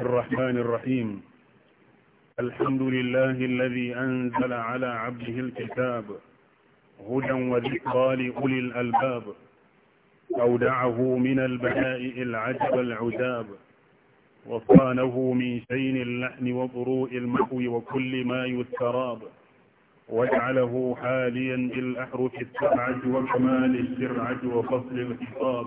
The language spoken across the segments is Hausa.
الرحمن الرحيم الحمد لله الذي أنزل على عبده الكتاب هدى وذكرى لأولي الألباب أودعه من البهاء العجب العجاب وصانه من شين اللحن وضروء المحو وكل ما يستراب وجعله حاليا بالأحرف السبعة وكمال السرعه وفصل الخطاب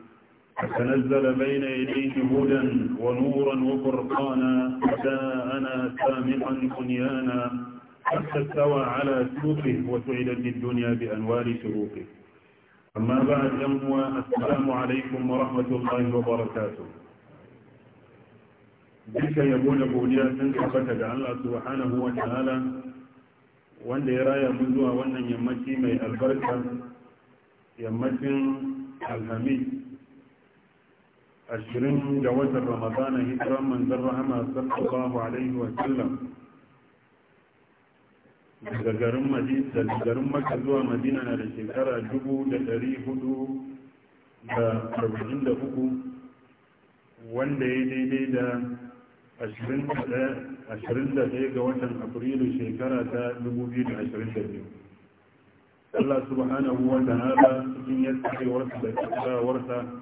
فتنزل بين يديه هدى ونورا وفرقانا جاءنا سامحا بنيانا حتى استوى على سوقه وسعدت الدنيا بأنوار سلوكه أما بعد جموة السلام عليكم ورحمة الله وبركاته بك يقول أبو ليا سنحبك الله سبحانه وتعالى وأن يرايا منذ وأن يمتي مي البركة يمتي الحميد ashirin da watan ramadana hijiran manzan rahama sallallahu alaihi wa sallam daga garin maka zuwa madina na da shekara dubu da dari hudu da arba'in da uku wanda ya daidai da 21 ga watan afrilu shekara ta dubu biyu da ashirin da biyu Allah subhanahu wa ta'ala cikin yadda da ƙasawarsa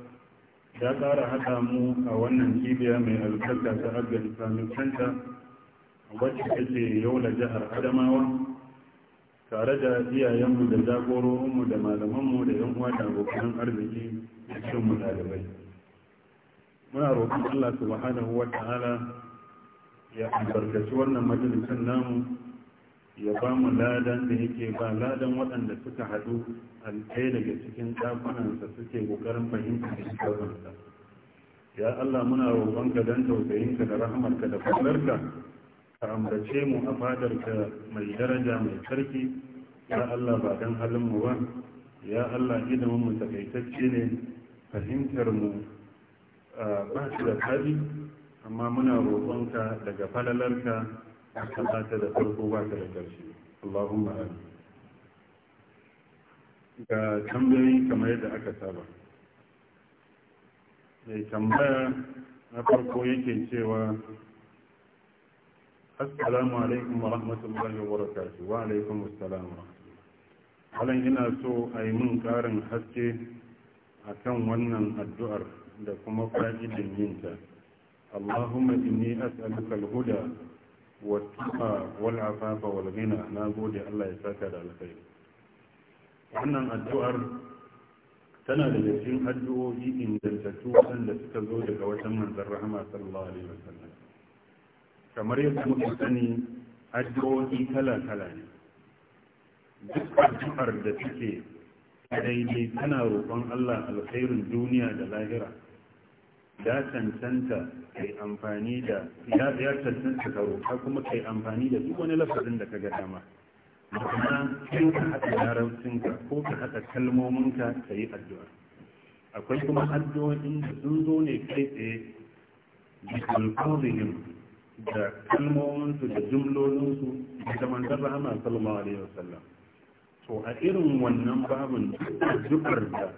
ya ƙara haɗa mu a wannan cibiya mai albarka ta aggan islamic center wacce take yau da jihar adamawa tare da iyayenmu da jagororinmu da malamanmu da yan uwa da abokan arziki da cin mu ɗalibai muna roƙon allah subhanahu wa ta'ala ya albarkaci wannan majalisar namu ya ba mu ladan da yake ba ladan waɗanda suka haɗu alƙai daga cikin ɗakunansa suke ƙoƙarin fahimta da shekarunsa ya Allah muna ka don tausayinka da rahamarka da fadlarka ka ambace mu a fadar ka mai daraja mai sarki ya Allah ba don halin mu ba ya Allah ilimin mu takaitacce ne fahimtar mu ah, ba shi da kari amma muna roƙonka daga falalarka ba ta da farko ba ta da ƙarshe Allahumma amin ga tambayoyi kamar yadda aka saba mai tambaya na farko yake cewa assalamu alaikum wa rahmatullahi wa barakatuh wa alaikum assalamu halin ina so a yi min ƙarin haske a kan wannan addu'ar da kuma fa'idin yinta Allahumma inni as'aluka al-huda wata ah, wal'afafa walghina na gode Allah ya saka da alkhairi wannan addu'ar tana da cikin addu'o'i ingantattu waɗanda suka zo daga wajen manzon rahama sallallahu alaihi wasallam kamar yadda muke sani addu'o'i kala-kala ne duk addu'ar da take daidai tana roƙon Allah alkhairin duniya da lahira ya cancanta kai amfani da ya cancanta ka kuma kai amfani da duk wani lafazin da ga dama kuma kai ka haɗa ka ko ka haɗa kalmomin ka yi addu'a akwai kuma addu'o'in da sun zo ne kai tsaye da alfazihim da kalmominsu da jumlolinsu da zamantar rahama sallallahu alaihi wasallam to a irin wannan babin duk da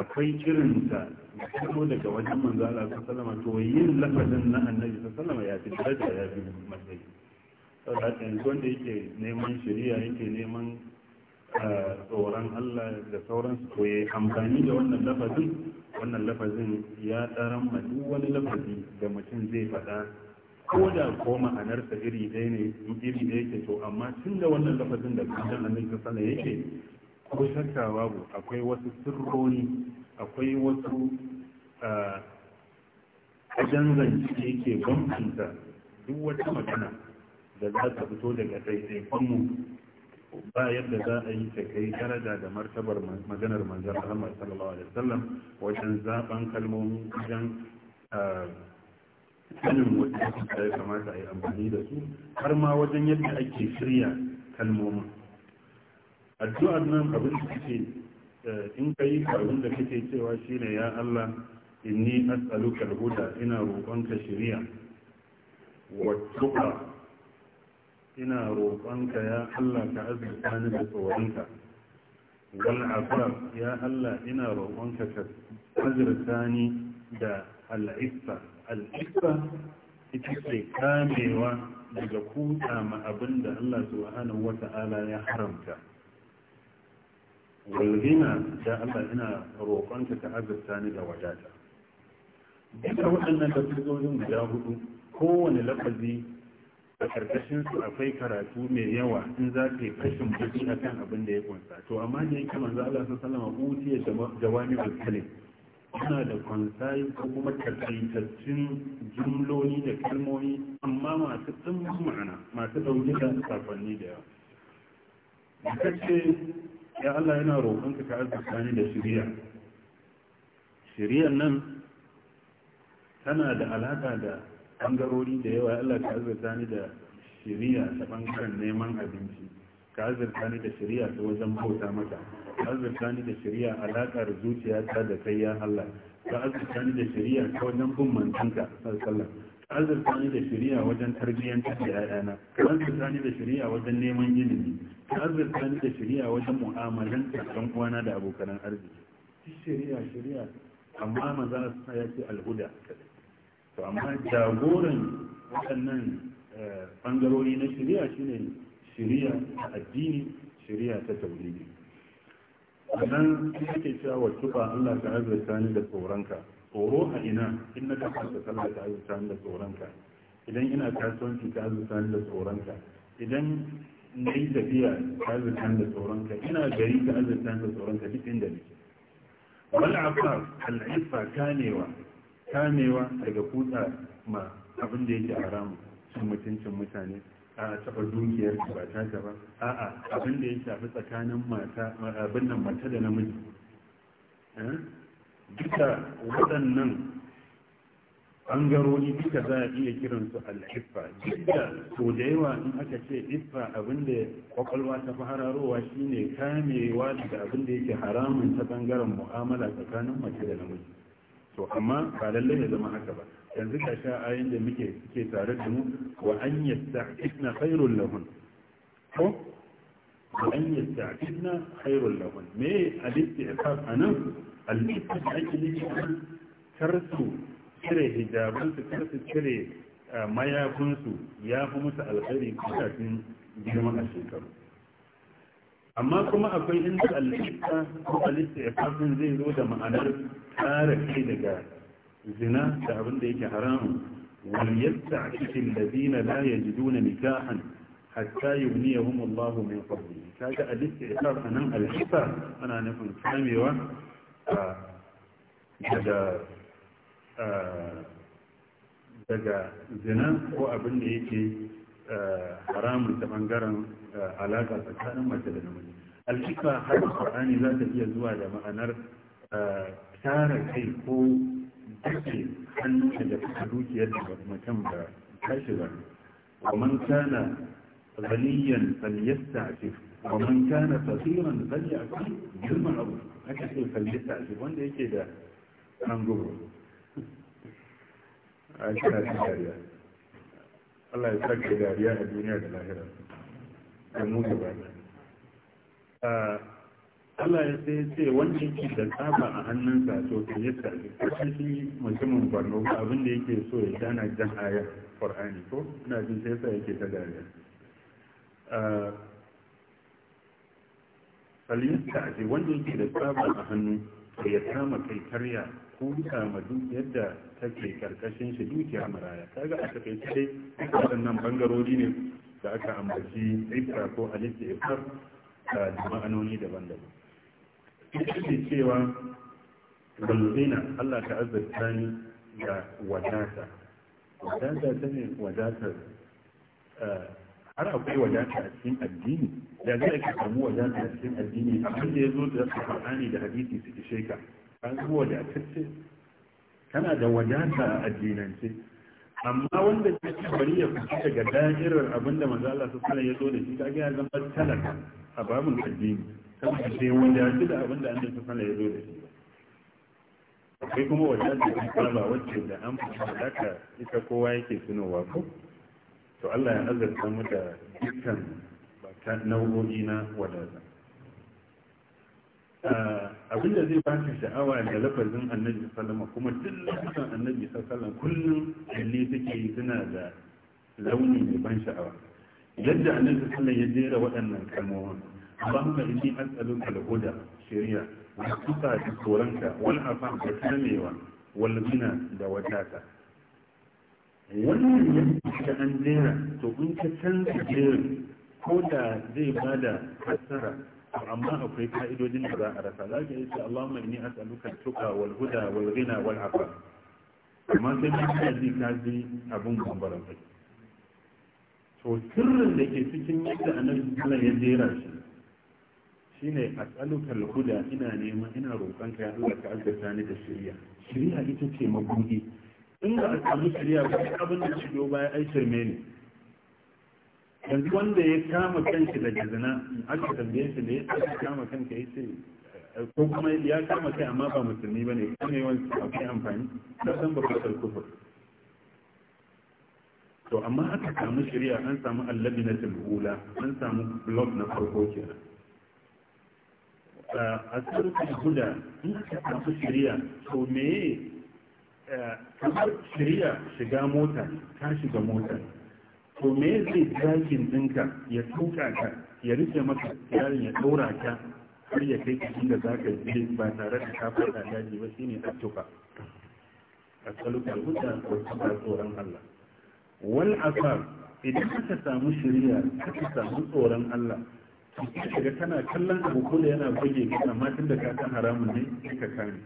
akwai irinsa da kuma daga wajen manzo Allah sallama to yin lafazin na annabi sallama ya fi daraja ya fi matsayi saboda yanzu wanda yake neman shari'a yake neman ah, tsoron Allah da sauransu su koyi, amfani da wannan lafazin wannan lafazin ya daran ma duk wani lafazi da mutum zai faɗa ko da ko ma'anarsa iri ɗaya ne iri ɗaya yake to amma tun da wannan lafazin da kan annabi sallama yake ko shakka babu akwai wasu sirroni akwai wasu ajan zance yake bambanta duk wata magana da za ta fito daga ɗaiɗaikunmu ba yadda za a yi ta kai daraja da martabar maganar manzan Muhammad sallallahu alaihi wasallam wajen zaben kalmomi wajen sanin wata ya kamata a yi amfani da su har ma wajen yadda ake shirya kalmomin addu'ar nan abin da kake eh, in ka yi abin da kake cewa shine ya Allah inni as'aluka al-huda ina roƙonka shari'a wa tuqa ina roƙonka ya Allah ka azurta ni da tsoronka wal afaf ya Allah ina roƙonka ka azurta ni da al-iffa al-iffa ita ce kamewa daga kuta ma abin da Allah subhanahu wata'ala ya haramta walghina da Allah ina roƙonta ta azurta ni da wadata duka waɗannan lafazojin guda hudu kowane lafazi a ƙarƙashin su akwai karatu mai yawa in za ka yi fashin buɗi a kan abin da ya kunsa to amma da yake manzo Allah sun sallama utiya jawami jawani suna da kwansayi ko kuma takaitattun jumloni da kalmomi amma masu tsimmin ma'ana masu ɗauke da safanni da yawa da ya Allah yana roƙonka ka azurta ni da shirya shiryan nan tana da alaƙa da ɓangarori da yawa ya Allah ka azurta ni da shirya ta ɓangaren neman abinci ka azurta ni da shirya ta wajen bauta mata ka azurta ni da shirya alaƙar zuciya ta da kai ya Allah ka azurta ni da shirya ta wajen bin mantanka sallallahu azurta ni da shari'a wajen tarbiyyantar da ‘ya'yana, ka azurta ni da shari'a wajen neman ilimi, ka azurta ni da shari'a wajen mu'amalantar ɗan uwana da abokan arziki. shari'a shari'a amma maza suna ya ce alhuda. To amma jagoran waɗannan eh, ɓangarori na shari'a shine shari'a ta addini, shari'a ta tauhidi. Sannan ake cewa wa tuba Allah ka azurta ni da tsoronka. tsoro a ina in na kasance sallah ta azurta da tsoronka idan ina kasuwanci ta azurta da tsoronka idan na yi tafiya ta azurta da tsoronka ina gari ta azurta da tsoronka duk inda nake wal al ifa kanewa kamewa daga kuta ma abin da yake haramu cin mutuncin mutane a taɓa dukiyar ba ta ba a'a abin da ya shafi tsakanin mata abin nan mata da namiji eh? duka waɗannan ɓangarori duka za a iya kiransu al'iffa duka to da yawa in aka ce iffa abinda kwakwalwa ta fi hararowa shine kamewa daga abinda yake haramun ta ɓangaren mu'amala tsakanin mace da namiji to amma ba lallai ya zama haka ba yanzu ka sha ayin da muke suke tare da mu wa an ifna khairul lahun ko wa an ifna khairul lahun me al-istifaf anan alifin da ake karsu cire hijabansu karsu cire eh, mayakunsu ya fi musu alkhairi kusurafin girma a shekaru amma kuma akwai inda alifta ko alifta ya kafin zai zo da ma'anar tsara kai daga zina da abin da yake haramun waliyarta a cikin da zina la ya ji duna nikahan hatta yi wani yawon allahu mai kwabi ta ga alifta ya kafa nan ana nufin samewa daga daga zina ko abin da yake haramun ta bangaren alaƙa tsakanin mace da namiji alƙiƙa har ƙwarani za ta iya zuwa da ma'anar tara kai ko dake hannu da yadda dukiyar kuma mutum ba tashi ba ومن كان kana tasirin ومن a cikin girman abu. so kalli ta shi wanda yake da hanguru a kira ta dariya Allah ya sake dariya a duniya da lahira da mu gaba ah, Allah ya sai ce wanda yake da tsaba a hannunsa to ta yi sarfi kashin shi mutumin barno abin da yake so ya dana jan aya Qur'ani ko ina jin sai yasa yake ta dariya ah, falista a wanda yake da tsaba a hannu da ya kama kai karya ko kama yadda take karkashin shi dukiya maraya kaga a takaice dai waɗannan bangarori ne da aka ambaci ita ko halitta ifar da ma'anoni daban-daban ita ce cewa balzina Allah ta azurta ni ga wadata wadata ta ne wadatar eh, har akwai wadata a cikin addini da zai ake samu wadata a cikin addini abin da ya zo da Qur'ani da hadisi su ishe ka an zuwa wadatacce kana da wadata a addinance amma wanda ke ci bari ya fita daga da'irar abin da manzo Allah sallallahu ya zo da shi kage ya zama talaka a babin addini kuma sai wadata da abin da Allah sallallahu kala ya zo da shi akwai kuma wadata da ba wacce da an fita da ita kowa yake tunowa ko to Allah ya azurta mu da dukkan nau'o'i na wadata ah, abin da zai baka sha'awa da lafazin annabi sallama kuma duk lafazin annabi sallama kullum kalli take suna da launi mai ban sha'awa yadda annabi sallama ya jera waɗannan kalmomin Allahumma inni as'aluka al-huda shari'a wa tuqa da tsoronka wal afan da kamewa wal da wadata wannan yadda an jera to in ka canza jerin ko da zai ba da to amma akwai ka'idodin da za a rasa za ka yi ce Allahumma inni as'aluka tuka wal huda wal ghina wal afa amma sai mun ji ji ka ji abun bambaran kai to sirrin da ke cikin yadda annabi Allah ya jera shi shine as'aluka al huda ina neman ina roƙon ka ya Allah ka alƙata ni da shari'a shari'a ita ce mabudi in a samu shirya ba abin da shi baya ai shirme ne yanzu wanda ya kama kanshi daga zina aka tambaye shi da ya kama kanka ya ce eh, ko kuma ya kama kai amma ba musulmi ba ne kuma yawan akwai amfani ta san ba fasar kufur to amma aka samu shirya an samu allabi na tilhula an samu blog na farko kenan a sarrafin guda in aka samu shirya to meye Eh, kamar shirya shiga mota ta shiga mota to me zai jakin ɗinka ya tuka ka ya rike maka yaron ya ɗora ka har ya kai ka inda za ka je ba tare da ka fada daji ba shine attuka a tsalukar huta ko tsaka tsoron Allah wal asar idan ka samu shirya ka samu tsoron Allah to kaga kana kallon abu yana bage ka amma da ka san haramun ne ka kame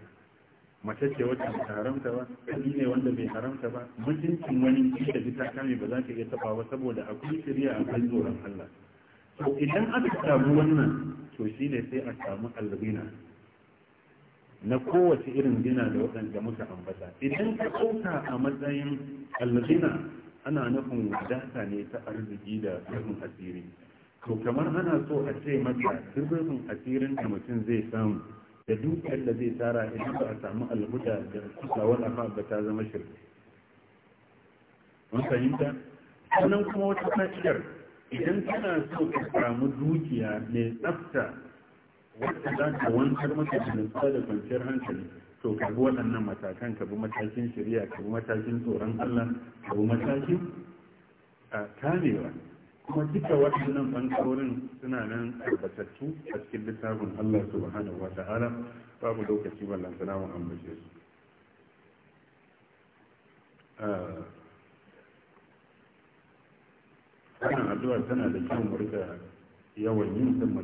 mace ce wacce ba haramta ba kaji ne wanda bai haramta ba mutuncin wani da ji ta kame ba za ta iya taba ba saboda akwai shirya a kan tsoron Allah to idan aka samu wannan to shi ne sai a samu alghina na kowace irin gina da waɗanda muka ambata idan ka ɗauka a matsayin alghina ana nufin wadata ne ta arziki da rufin asiri to kamar ana so a ce maka duk rufin asirin da mutum zai samu da dukiyar da zai tara idan ba a samu alhuda da kusawar wani ba ta zama shirka mun fahimta sannan kuma wata fa'idar idan kana so ka samu dukiya mai tsafta wata za ta wantar maka da nutsuwa da kwanciyar hankali to ka bi waɗannan matakan ka bi matakin shirya ka bi matakin tsoron Allah ka bi matakin kamewa kuma duka waɗannan bankarorin suna nan tabbatattu a cikin littafin Allah subhanahu wa ta'ala babu lokaci ba wallan mu ambace su ah, wannan addu'a tana da kyau mu rika yawan yin ta mu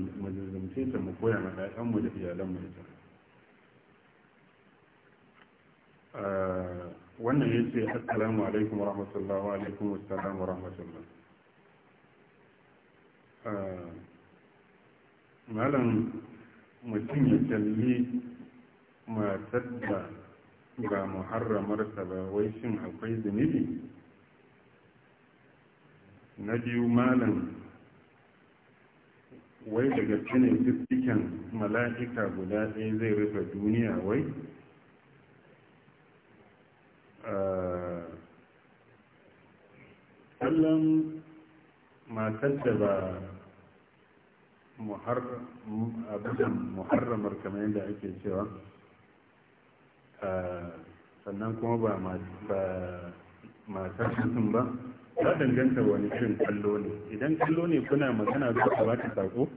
zumce ta mu koya ma ƴaƴan mu da iyalan mu ita ah, wannan yace assalamu alaikum wa rahmatullahi wa alaikum assalam wa rahmatullahi malam mutum ya kalli matar da ba muharramarsa ba wai shin akwai zunubi na biyu malam wai daga cinin cikin mala'ika guda ɗaya zai rufe duniya wai kallon matar da ba muharramar kamar yadda ake cewa sannan kuma ba matar mutum ba ya danganta wani irin kallo ne idan kallo ne kuna magana zuwa a baki sako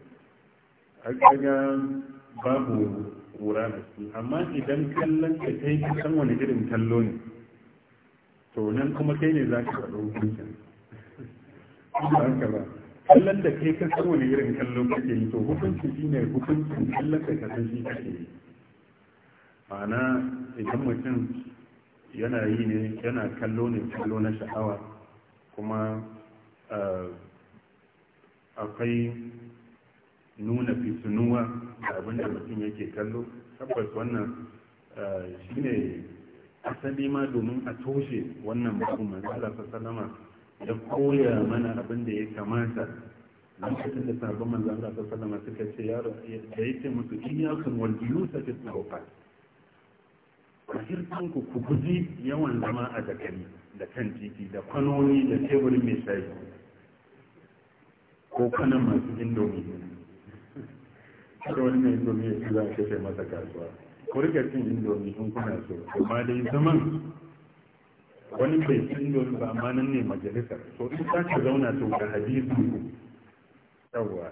ga babu wura da su amma idan kallon ka kai kusan wani irin kallo ne to nan kuma kai ne za ka faɗo hukuncin ba haka ba kallon da kai ka san wani irin kallon kake yi to hukunci shi ne hukuncin kallon da ka san shi kake yi ma'ana idan mutum yana yi ne yana kallo ne kallo na sha'awa kuma eh, akwai nuna fitunuwa da abin da mutum yake kallo tabbas wannan eh, shi ne asali ma domin a toshe wannan babu ala sallama ya koya mana abin da ya kamata lokacin da sabon manzan da ta sallama suka ce yaro da ya ce musu in ya kun wal yusa fi a kafirtan ku ku guji yawan zama a dakani, da kan titi da kwanoni da teburin mai shayi ko kanan masu indomi kada wani mai indomi ya ci za a kashe masa kasuwa ku riga cin indomi in kuna so amma dai zaman wani bai san da ba amma nan ne majalisar so in ta ka zauna to ga hadisi yawwa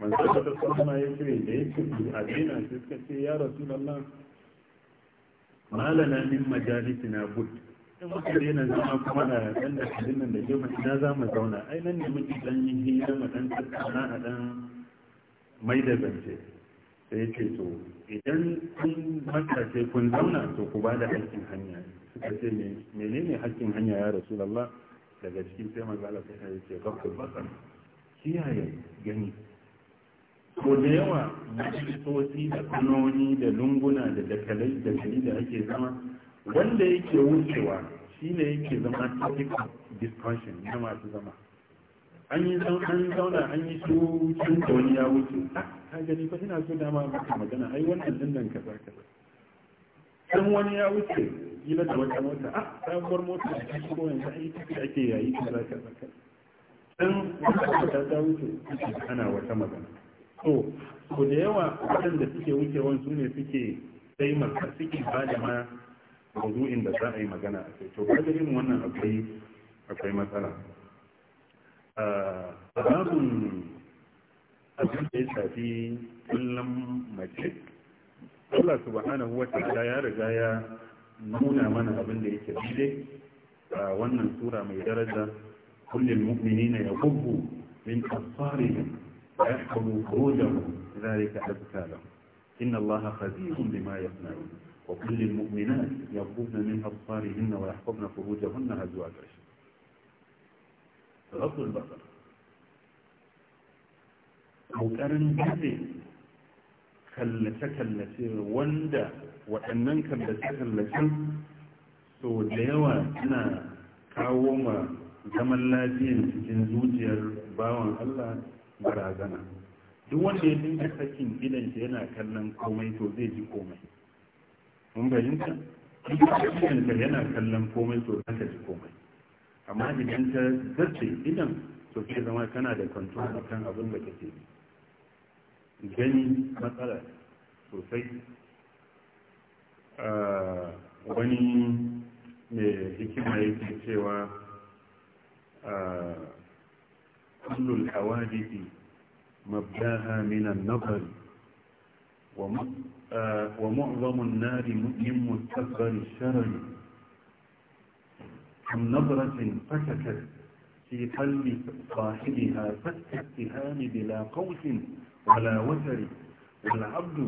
manzo da sallama ya ce da yake a dina sai suka ce ya rasulullah malana min majalisina bud in muka daina zama kuma da ɗan kadin nan da ke mace na za mu zauna ai nan ne muke dan yin hira mu ɗan a dan mai da zance sai ya ce to idan kun matace kun zauna to ku ba da hakkin hanya suka ce menene hakkin hanya ya rasu rasulullah daga cikin sai manzo Allah sai ya ce ku basar kiyaye gani ko da yawa majalisoci da kanoni da lunguna da dakalai da da ake zama wanda yake wucewa shine yake zama cikin of discussion na masu zama an yi zauna an yi su cin da wani ya wuce ta gani fa ina so dama maka magana ai wannan din nan kaza kaza dan wani ya wuce gila da wata mota a sabuwar mota da ta ko yanzu ai take ake yayi kaza kaza dan wata ta wuce ana wata magana to ko da yawa waɗanda suke wucewan su ne suke taimaka suke ba da ma mawdu'in da za a yi magana a kai to kaga irin wannan akwai akwai matsala a babin abin da ya shafi kullum mace Allah subhanahu wa ta'ala ya riga ya nuna mana abin da yake daidai a wannan sura mai daraja kullum mu'minina ya hubbu min asfarihim wa yahfazu furujahum ذلك أزكى لهم إن الله خبير بما يصنعون وكل المؤمنات يغضبن من أبصارهن ويحفظن فروجهن هزوا العشر rabbul basar kokarin kallace-kallace wanda waɗannan kallace-kallacen so da yawa suna kawo ma zaman lafiyan cikin zuciyar bawan Allah barazana duk wanda ya dinga sakin idan yana kallon komai to zai ji komai mun fahimta duk yana kallon komai to zaka ji komai amma idan ta zarce idan to sai zama kana da control kan abin da kake gani matsala sosai ah, wani mai hikima yake cewa ah, kullul hawadisi mabdaha minan wa ومعظم ah, nari من مستقبل sharari عن نظرة فتكت في قلب صاحبها فكالسهام بلا قوس ولا وتر والعبد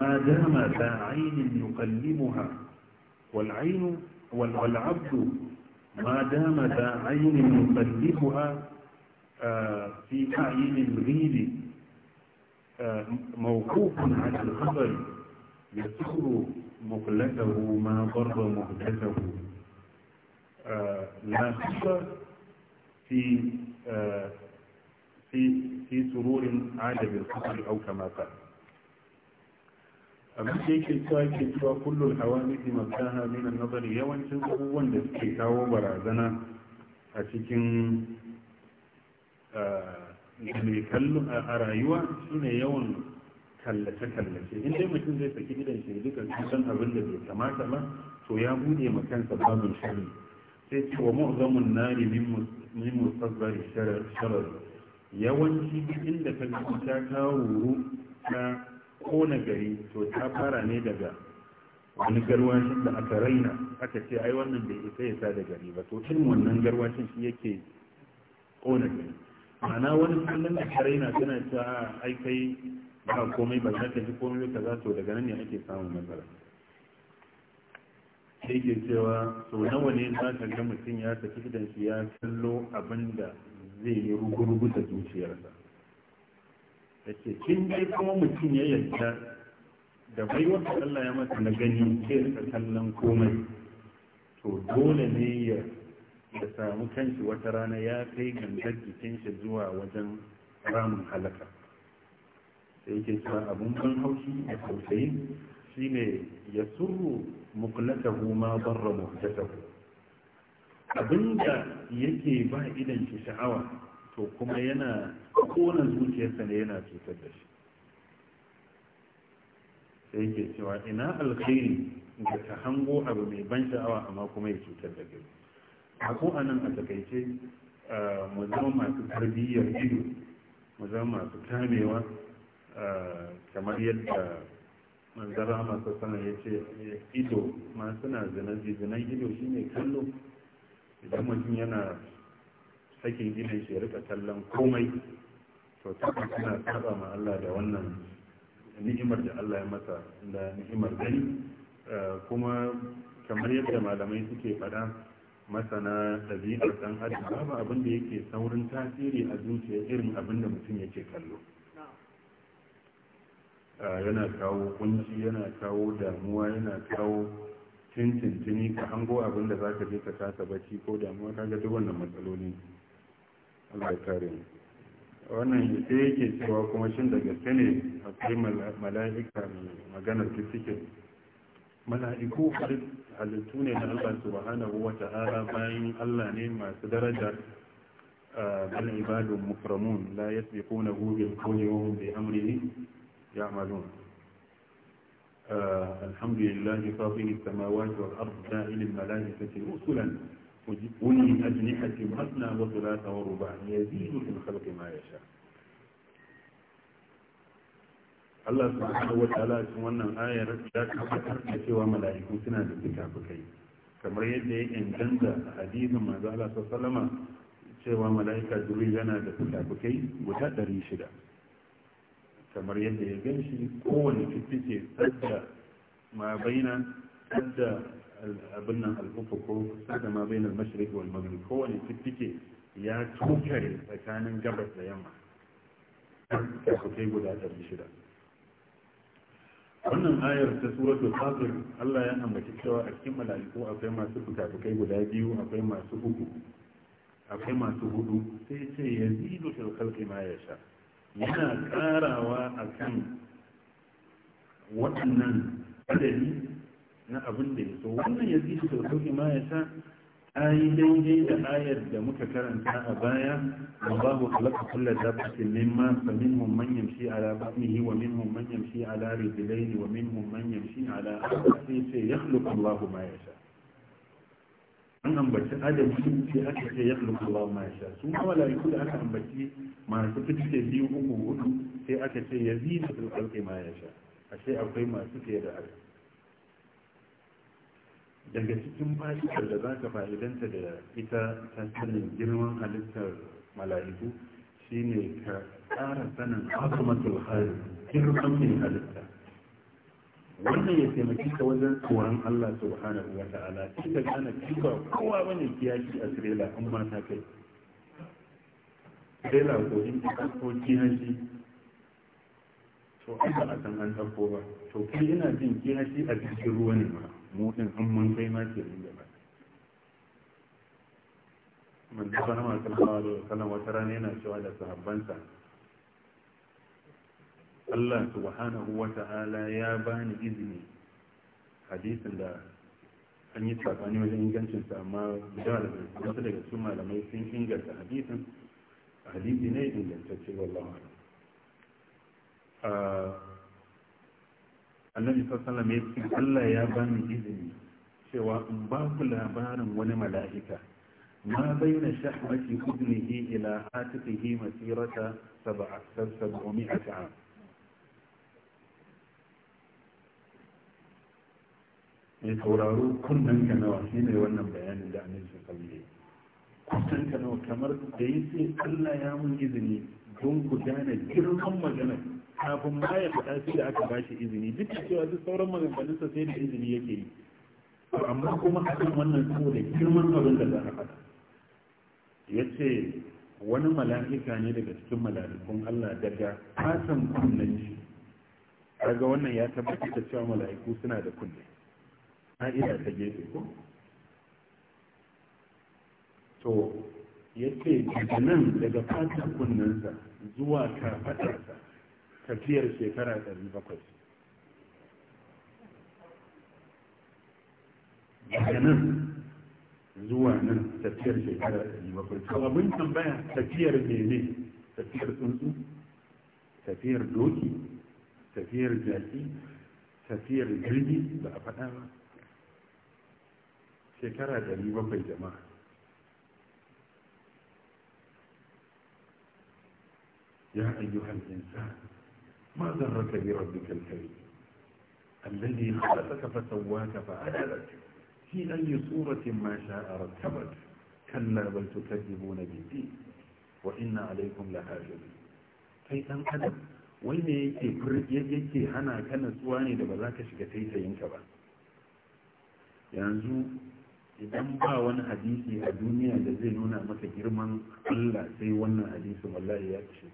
ما دام ذا عين يقلبها والعين والعبد ما دام ذا عين يقلبها آه، في أعين الغيب آه، موقوف على الخبر يسر مقلته ما ضر مهلته lafiya fi في في سرور عاد بالقدر او كما قال abin da yake cewa ke cewa kullum hawadisi mabdaha min an-nazar yawancin abubuwan da suke kawo barazana a cikin mai a rayuwa shine yawan kallace kallace in dai mutum zai saki gidan shi duka cikin abin da bai kamata ba to ya bude ma kansa babin shirin sai ce wa mu'zamun nari min musabbar sharar yawanci inda ka ga ta kawo ta kona gari to ta fara ne daga wani garwashin da aka raina aka ce ai wannan da ita ya sa da gari ba to cin wannan garwashin shi yake kona gari ma'ana wani kullum da ka raina tana ta ai kai ba komai ba za ka ji komai ka za to daga nan ne ake samun matsala sai ke cewa sau nawa ne za ka ga mutum ya tafi gidan shi ya kallo abin da zai yi rugu da zuciyarsa da kin dai kuma mutum ya yarda da bai wata Allah ya masa na gani ke da kallon komai to dole ne ya ya samu kanshi wata rana ya kai gangar jikin shi zuwa wajen ramin halaka sai ke cewa abun ban haushi da tausayi shine ya suru muqnatahu ma barra muhtatahu abinda yake ba idan shi sha'awa to kuma yana kona zuciyarsa ne yana cutar da shi sai yake cewa ina alkhairi da ta hango abu mai ban sha'awa amma kuma ya cutar da shi? a ko anan a takaice eh, mu zama masu tarbiyyar ido mu zama masu kamewa eh, kamar yadda manzara masu sana ya ce ido masu na zinazi zinan ido shi ne kallo idan mutum yana sakin gina shi ya rika kallon komai to tabbas suna saba ma Allah da wannan ni'imar da Allah ya masa da ni'imar gani eh, kuma kamar yadda malamai suke faɗa masana ɗabi'ar ɗan adam babu abin da yake saurin tasiri a zuciya irin abinda mutum yake kallo yana kawo kunci yana kawo damuwa yana kawo tintintini ka hango abin da za ka je ka kasa bacci ko damuwa kaga duk wannan matsaloli Allah ya kare mu wannan yake yake cewa kuma shin da gaske ne akwai mala'ika mai magana cike mala'iku halittu ne na Allah subhanahu wa ta'ala bayan Allah ne masu daraja bal ibadun mukramun la yasbiquna hu bil qawli wa hum bi amrihi يعملون آه، الحمد لله فاضل السماوات والأرض دائل الملائكة رسلا أولي أجنحة مثنى وثلاثة ورباع يزيد في الخلق ما يشاء الله سبحانه وتعالى سمعنا آية رجاك وحرقة وملائكة سنادي بكاب كي كما إن جند حديث ما ذا الله صلى الله عليه وسلم سوى ملائكة دري لنا بكاب كي وتأتري شدا kamar yadda ya gan shi kowane fifice sadda ma baina sadda abin nan al'ufu ko sadda ma baina al-mashriq wal maghrib kowane fifice ya tukare tsakanin gabas da yamma ta kai guda ɗari shida wannan ayar ta suratul fatir Allah ya ambaci cewa a cikin mala'iku akwai masu fukafukai guda biyu akwai masu uku akwai masu hudu sai ce yazidu fil khalqi ma yasha yana karawa a kan waɗannan adadi na abin da ya so wannan ya zai sau sauƙi ma ya sa ayi daidai da ayar da muka karanta a baya wa babu halaka kullu dabbatin min fa manyan shi a ala batnihi wa min minhum man yamshi ala rijlayni wa min mun manyan shi ala arba'i sai ya yakhluqu Allahu ma ya sa. an ambaci adam shi ce aka ce ya khluqu Allah ma yasha su kuma malaiku da aka ambaci masu fice biyu uku hudu sai aka ce yazidu fil khalqi ma yasha ashe akwai masu fiye da aka daga cikin fa'idar da za ka fa'idanta da ita ta sanin girman halittar mala'iku shine ka ƙara sanin azumatul hari girman mai halitta wannan ya taimaki ka wajen tsoron Allah subhanahu wa ta'ala sai ka gane cewa kowa bane kiyaki a trela an ma ta kai trela ko in ka ko kiyashi to an ba a san an tsafo ba to kai yana jin kiyashi a cikin ruwa ne ma mu din an mun kai ma ke rinda ba man da ba na ma kana alaihi wasallam wata rana yana cewa da sahabbansa Allah subhanahu wa ta'ala ya bani izini hadisin da an yi sabani wajen ingancin amma da wasu daga su malamai sun inganta hadisin hadisi ne ingantacce wallahi annabi sassana ya cikin Allah ya bani izini cewa in ba ku labarin wani mala'ika ma baina mafi kudin ila atiqihi masirata sab'a a ta'a mai tauraro, kunnen ka nawa shi ne wannan bayanin da annabi sallallahu alaihi kunnen ka nawa kamar da yace Allah ya mun izini don ku gane girman magana kafin ma ya faɗa shi da aka bashi izini duk da cewa duk sauran maganganunsa sai da izini yake yi amma kuma akan wannan saboda girman abin da za a faɗa yace wani mala'ika ne daga cikin mala'ikun Allah daga fatan kunnen shi daga wannan ya tabbatar da cewa mala'iku suna da kunne ka'ida ta gefe ko to ya ce daga nan daga fatan kunnensa zuwa kafaɗarsa tafiyar shekara 700 daga nan zuwa nan tafiyar shekara 700 to abin tambaya tafiyar mene tafiyar tsuntsu tafiyar doki tafiyar jaki tafiyar jirgi ba a faɗa ba shekara ɗari bakwai jama'a ya ayyuhal insan ma zarraka bi rabbikal karim alladhi khalaqaka fa sawwaka fa adalak fi ayyi suratin ma sha'a rakkabak kalla bal tukadzibuna bid-din wa inna alaykum lahafizun kai dan adam wai me yake yake hana ka natsuwa ne da ba za ka shiga taitayinka ba yanzu idan ba wani hadisi a duniya da zai nuna maka girman Allah sai wannan hadisi wallahi ya ci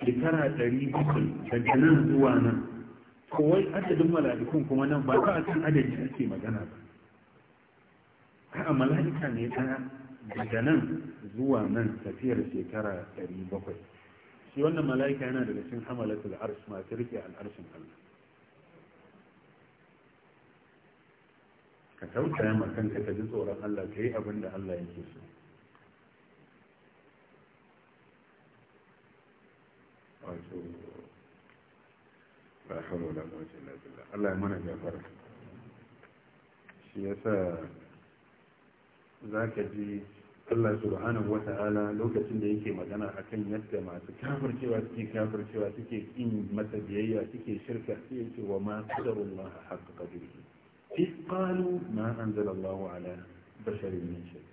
shekara ɗari bakwai daga nan zuwa nan kowai adadin mala'ikun kuma nan ba ta kan adadi ake magana ba a mala'ika ne ta daga nan zuwa nan tafiyar shekara ɗari bakwai shi wannan mala'ika yana daga cikin hamalatul arsh masu rike al'arshin Allah ka tausaya ma kanka ka ji tsoron Allah ka yi abin da Allah yake so wato ba haro da Allah ya mana gafara shi ya sa za ka ji Allah subhanahu wata'ala lokacin da yake magana a kan yadda masu kafircewa suke kafircewa suke in masa biyayya suke shirka sai yake wa ma a haka إذ قالوا ما أنزل الله على بشر من شيء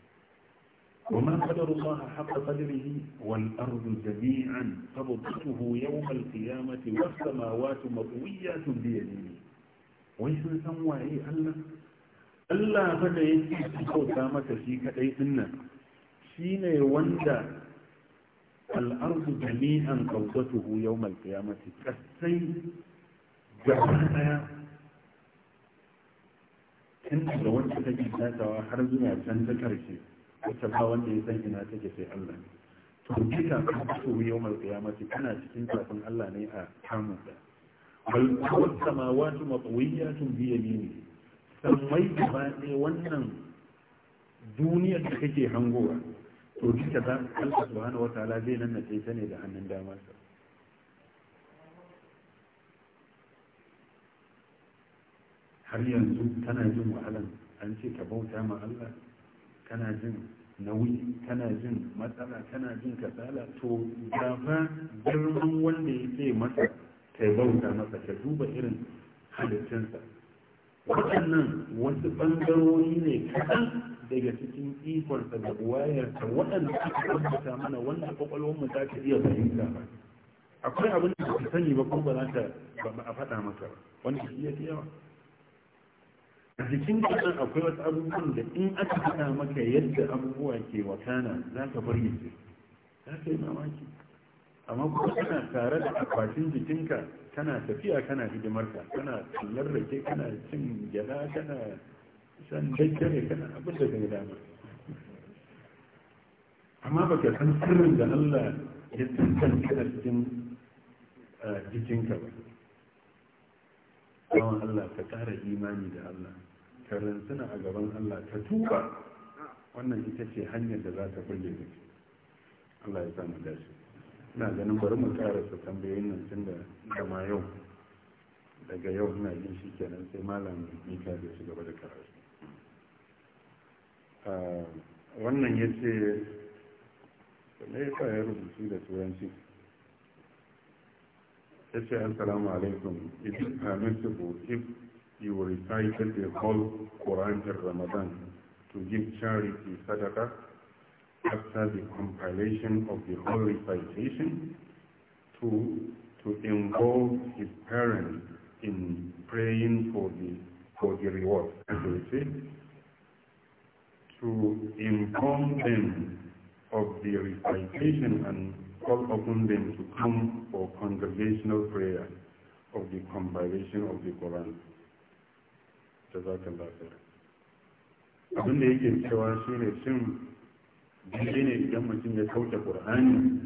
وما قدر الله حق قدره والأرض جميعا قبضته يوم القيامة والسماوات مطويات بيمينه ويسن سموا أي الله ألا فدا يكي كوتا متى شي كدي إنا شيني الأرض جميعا قبضته يوم القيامة كالسيد جمعها inda da wacce take tatawa har zuwa can ta karshe wacce ba wanda ya san ina take sai Allah ne to kika ka so yau mai kiyamati kana cikin tsafin Allah ne a kamun da bal kawai samawati matawiyatun bi yamini sammai ba ne wannan duniyar da kake hangowa to kika za Allah subhanahu wataala zai nan ta ne da hannun sa. har yanzu kana jin wahalan an ce ka bauta ma Allah kana jin nauyi kana jin matsala kana jin kasala to gafa girman wanda ya ce masa kai bauta masa ka duba irin halittinsa waɗannan wasu ɓangarori ne kaɗan daga cikin ikonsa da buwayarsa waɗanda aka ambata mana wanda kwakwalwarmu za ta iya fahimta ba akwai abin da ba sani ba kuma ba za ta ba a faɗa maka ba wanda shi ya yawa a jikin kaɗan akwai wasu abubuwan da in aka haɗa maka yadda abubuwa ke wakana za ka bar yace za ka yi mamaki amma kuma kana tare da akwatin jikinka kana tafiya kana hidimar ka kana da rake kana cin gyada kana san daidai kana abin da ka dama amma baka san sirrin da Allah ya tantance a cikin jikinka ba. Allah ka kara imani da Allah. ka a gaban Allah ka tuba wannan ita ce hanyar da za ta kulle ka Allah ya samu dace ina ganin bari mu tsara su tambayoyin nan tun da gama yau daga yau ina yin shi kenan sai malam mika da shi gaba da karatu ah, wannan ya ce ya ya rubutu da turanci ya ce assalamu alaikum if you recited the whole Quran in Ramadan to give charity sadaqah after the compilation of the whole recitation, to to involve his parents in praying for the, for the reward, as we say, to inform them of the recitation and call upon them to come for congregational prayer of the compilation of the Quran. da za ka lafiya abin da yake cewa shi ne shin daidai ne idan mutum ya kauce ƙur'ani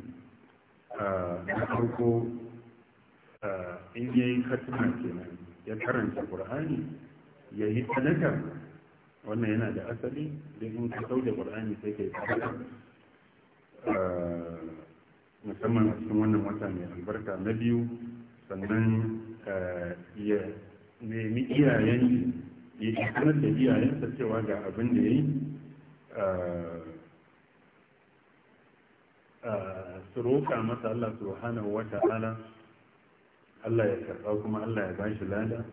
na farko in ya yi katina kenan ya karanta ƙur'ani ya yi sadaka wannan yana da asali da in ka kauce ƙur'ani sai ka yi sadaka musamman a cikin wannan wata mai albarka na biyu sannan ya nemi iyayen ya shi da iyayensa cewa ga abin da ya yi su roƙa masa Allah subhanahu wata ala Allah ya karɓa kuma Allah ya bashi lada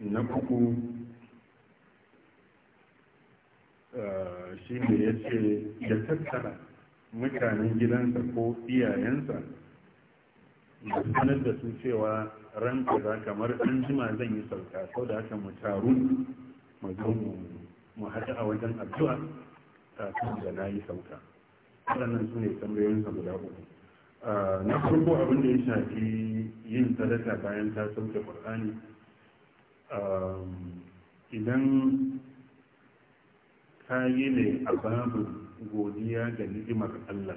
na kuku shi ne ya ce da tattara mutanen gidansa ko iyayensa da sanar da su cewa ran kaza kamar an jima zan yi sauka sau da haka mu taru mu haɗu a wajen addu'a kafin da na yi sauka waɗannan su ne tambayoyin tambayoyinsa guda uku ah, na farko abin da ya shafi yin sadaka bayan ta sauke ƙur'ani idan ka yi ne a babu godiya ga ni'imar Allah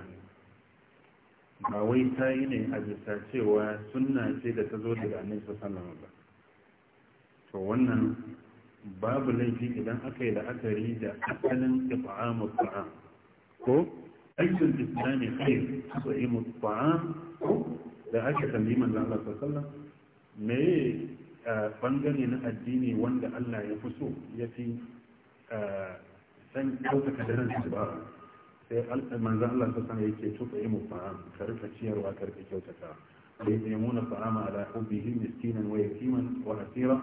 ba wai ta yi ne a bisa cewa suna ce da ta zo daga nesa sallama ba to wannan babu laifi idan aka yi la'akari da asalin ifa'amu ta'am ko aikin islami khair su yi ko da aka tambayi manzon Allah me bangare na addini wanda Allah ya fi so ya fi san kauta kadaran su ba sai manzan Allah ta sanya yake tuka yi mufa'am ka rika ciyarwa ka rika kyautata da ya nemo na fa'ama ala hubbihi miskinan wa yatiman wa asira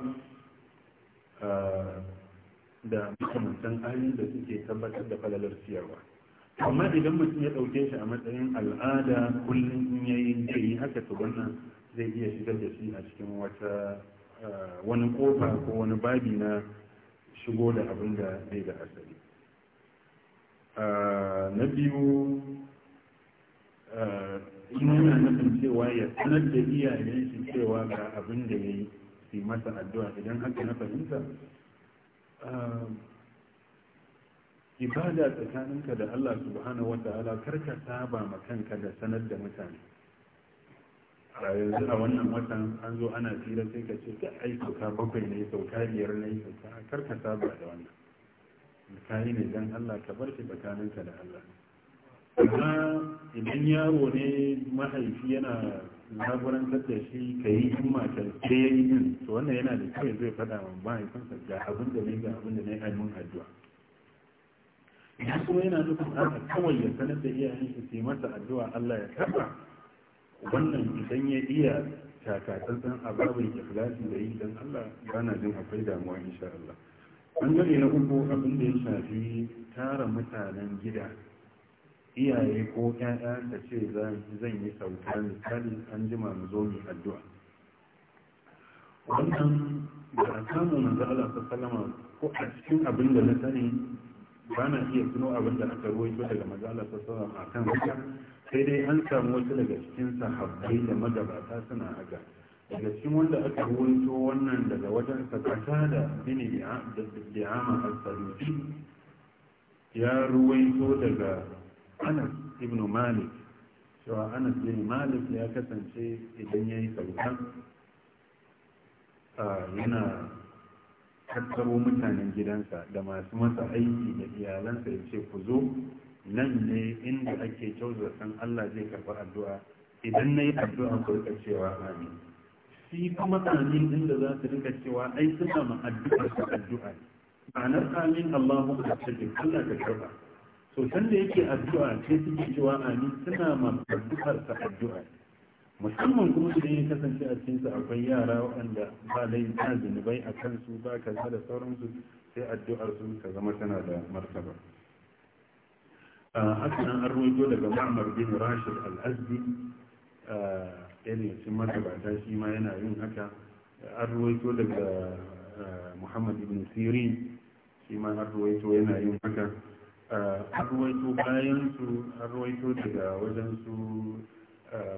ah, da makamantan ayin da suke tabbatar da falalar ciyarwa amma idan mutum ya dauke shi a matsayin al'ada kullum in yayi yayi haka to wannan zai iya shigar da shi a cikin wata ah, wani kofa ko wani babi na shigo da abin da bai da asali Eh, na biyu eh, in yana nufin cewa ya sanar da iyayen shi cewa ga abin da ya yi su masa addu'a idan haka na fahimta eh, ibada tsakaninka da Allah subhanahu wa ta'ala karka saba ma kanka da sanar da mutane a yanzu a wannan watan an zo ana hira sai ka ce ka aiko ka bakwai ne sauka biyar ne sau karka saba da wannan kayi ne don Allah ka bar shi tsakaninka da Allah amma idan yaro ne mahaifi yana laburan da shi ka yi in ta, da ya yi to wannan yana da kyau zai faɗa wa mahaifinsa ga abin da ne ga abin da ne a mun addu'a idan kuma yana nufin haka kawai ya sanar da iyayen shi su yi masa addu'a Allah ya taba wannan idan ya iya taka tsantsan a da yi dan Allah bana jin akwai damuwa insha Allah an ɓangare na uku abin da ya shafi tara mutanen gida iyaye ko 'ya'ya ta ce zan yi sauka misali an jima mu zo mu addu'a wannan da a samu manzo Allah sallama ko a cikin abin da na sani ba na iya tuno abin da aka ruwaito daga manzo Allah sallama akan haka sai dai an samu wasu daga cikin sahabbai da magabata suna haka daga cikin wanda aka ruwanto wannan daga wajen sakata da bini da'ama al-sadusi ya ruwaito daga anas ibn malik cewa anas ibn malik ya kasance idan ya yi a yana kattaro mutanen gidansa da masu masa aiki da iyalansa ya ce ku zo nan ne inda ake kyautatan allah zai karɓi addu'a idan na yi addu'a kurka cewa amin shi kuma amin inda za su rika cewa ai suna ma addu'ar addu'a ma'anar amin Allahu akbar Allah ka karba to san da yake addu'a sai suke cewa amin suna ma addu'ar ta addu'a musamman kuma idan ya kasance a cikinsu akwai yara waɗanda ba lai ba zunubai a kansu ba kaza da sauransu sai addu'ar su ka zama tana da martaba ah, a nan an daga ma'amar bin rashid al-azdi ah, irin sun magabata shi ma yana yin haka an ruwaito daga eh, muhammad ibn sirin shi ma an ruwaito yana yin haka eh, an ruwaito bayan su an ruwaito daga wajen su eh,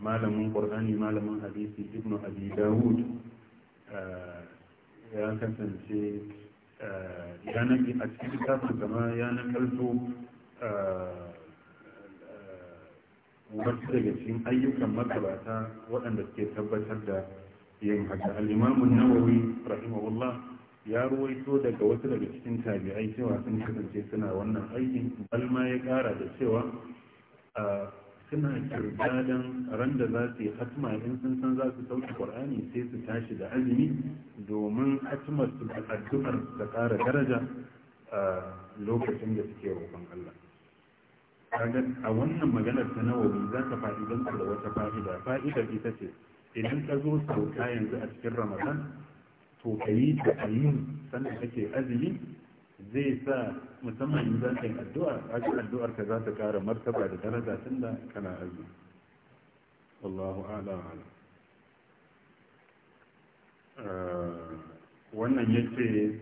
malamin qur'ani malamin hadisi ibn abi dawud ya kasance ya a cikin kafin zama ya nakalto wasu daga cikin ayyukan makarata waɗanda suke tabbatar da yin haka al'imamun nawawi rahimahullah ya ruwaito daga wasu daga cikin tabi'ai cewa sun kasance suna wannan aikin balma ya ƙara da cewa suna kirgadan ran da za su yi hatima in sun san za su sauke qur'ani sai su tashi da azumi domin hatimar su da addu'ar da ƙara daraja a lokacin da suke roƙon Allah a wannan maganar ta nawawi za ka don da wata fa'ida fa'idar ita ce idan ka zo sauka yanzu a cikin ramadan to ka yi ta ayyun sannan kake azumi zai sa musamman in za ka yi addu'a cikin addu'ar ka za ta kara martaba da daraja tun da kana azumi wallahu ala ala eh, wannan yake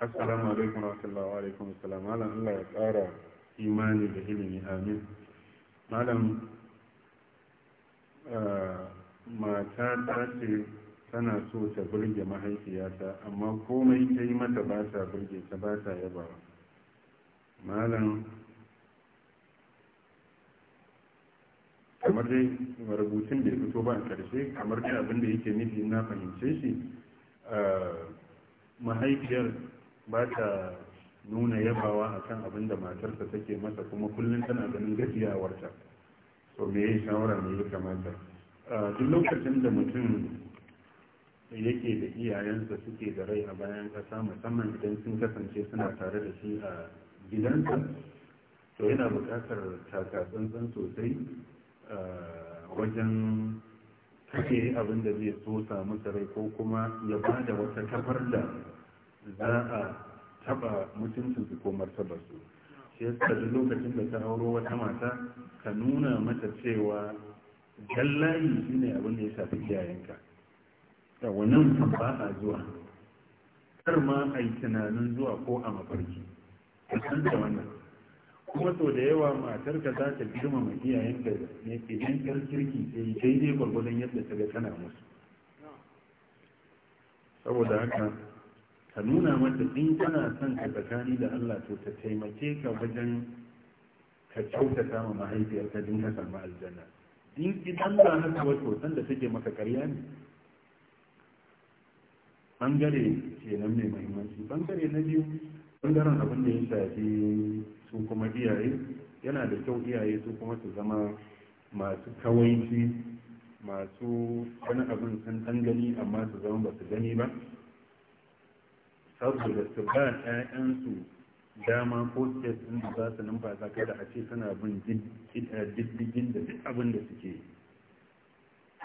assalamu alaikum wa rahmatullahi wa alaikum assalam Allah ya tsara imani da ilimi amin malam eh, mata ta ce tana so ta burge mahaifiyata amma komai ta yi mata ba ta burge ta ba ta yabawa malam kamar dai rubutun da ya fito ba a karshe kamar dai abin da yake nufi na fahimce shi eh, mahaifiyar ba ta nuna yabawa a kan abin da matarsa take masa kuma kullum tana ganin gajiyawarta so me yi shawara me yi kamata duk lokacin da mutum yake da iyayensa suke da rai a bayan kasa musamman idan sun kasance suna tare da shi a gidansa to yana buƙatar takatsantsan sosai wajen kake abin da zai so samu rai ko kuma ya ba da wata kafar da za a taba su ko martabarsu shi yasa duk lokacin da ta auro wata mata ka nuna mata cewa gallayi shi ne abin da ya shafi iyayenka da wannan ba a zuwa kar ma a yi tunanin zuwa ko a mafarki a san da wannan kuma sau da yawa matar ka za ta girmama iyayenka ne idan kar kirki sai daidai gwargwadon yadda ta ga tana musu saboda haka ka nuna mata in kana son ka tsakani da Allah to ta taimake ka wajen ka kyautata ma mahaifiyar ka dinka samu aljanna in idan ba haka ba to san da take maka ƙarya ne bangare kenan mai muhimmanci bangare na biyu bangaren abin da ya shafi su kuma iyaye yana da kyau iyaye su kuma su zama masu kawai masu wani abin sun dangani gani amma su zama ba su gani ba saboda su ba 'ya'yansu dama ko state din da za su numfasa kada a ce suna bin eh, diddigin da duk abin da suke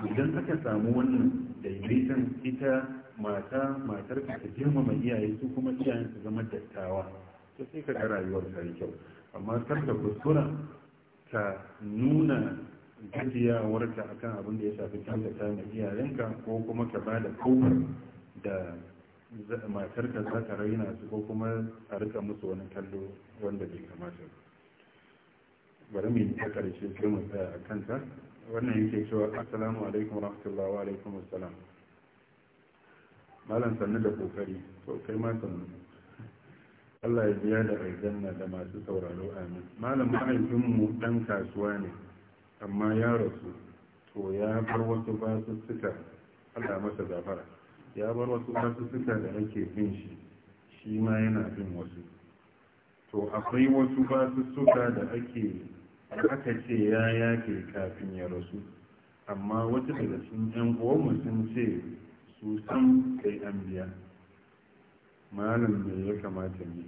idan aka samu wannan daidaiton ita mata matar ka ta girmama iyaye su kuma iyayen su zama dattawa to sai ka ga rayuwar ta kyau amma kar ka kuskura ka nuna gajiyawarka akan abin da ya shafi kanta ta iyayenka ko kuma ka ba da kowar da matar ka za ta raina su ko kuma a rika musu wani kallo wanda bai kamata bari mu yi ta karshe sai mu tsaya a kanta wannan yake cewa assalamu alaikum rahmatullahi wa alaikum assalam malam sannu da kokari to kai ma sannu Allah ya biya da aljanna da masu sauraro amin malam mahaifinmu dan kasuwa ne amma ya rasu to ya bar wasu suka Allah masa gafara ya bar wasu fasussuka da ake bin shi shi ma yana bin wasu to akwai wasu basussuka da ake aka ce ya yake kafin ya rasu amma wata daga sun yan uwanmu sun ce su san kai an biya malam me ya kamata ne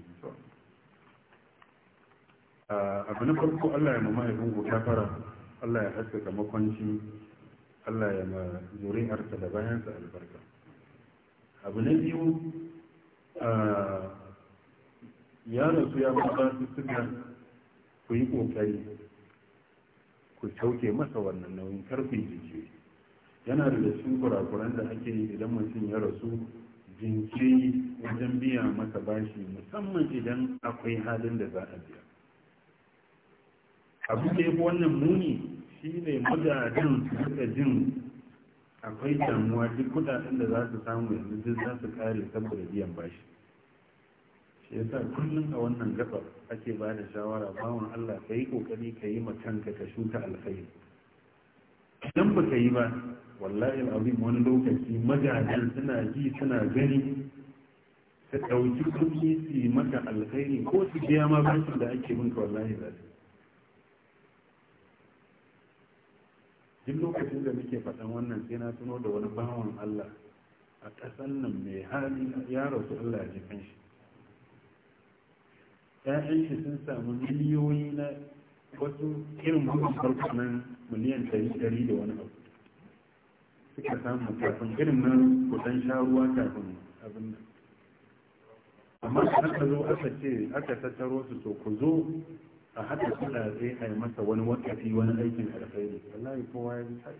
abu na farko allah ya mamaye gungu ta fara allah ya haskaka makwanci allah ya ma zuri'arsa da bayansa albarka abu na biyu ya rasu ya ba su suka ku yi ƙoƙari ku tauke masa wannan nauyin karfi jiki yana da cikin kurakuran da ake yi idan mutum ya rasu jinke wajen biya masa bashi musamman idan akwai halin da za a biya abu da ya wannan muni shi ne magadan suka jin akwai damuwa duk kudaden da za su samu yanzu duk za su kare saboda biyan bashi shi yasa kullum a wannan gabar ake ba da shawara bawan Allah ka yi kokari ka yi kanka ka shuka alkhairi idan ba ka yi ba wallahi abin wani lokaci magadan suna ji suna gani su ɗauki kuɗi su yi maka alkhairi ko su biya ma bashin da ake binka wallahi za duk lokacin da muke faɗan wannan sai na tuno da wani bawan Allah a ƙasan nan mai hali ya rasu Allah ya kan shi ƴaƴan shi sun samu miliyoyi na wasu irin mutum farko miliyan ɗari ɗari da wani abu suka samu kafin irin nan kudan sha ruwa kafin abin nan amma aka zo aka ce aka tattaro su to ku zo a haɗa kuɗaɗe a yi masa wani wakafi wani aikin alkhairi wallahi kowa ya bi sai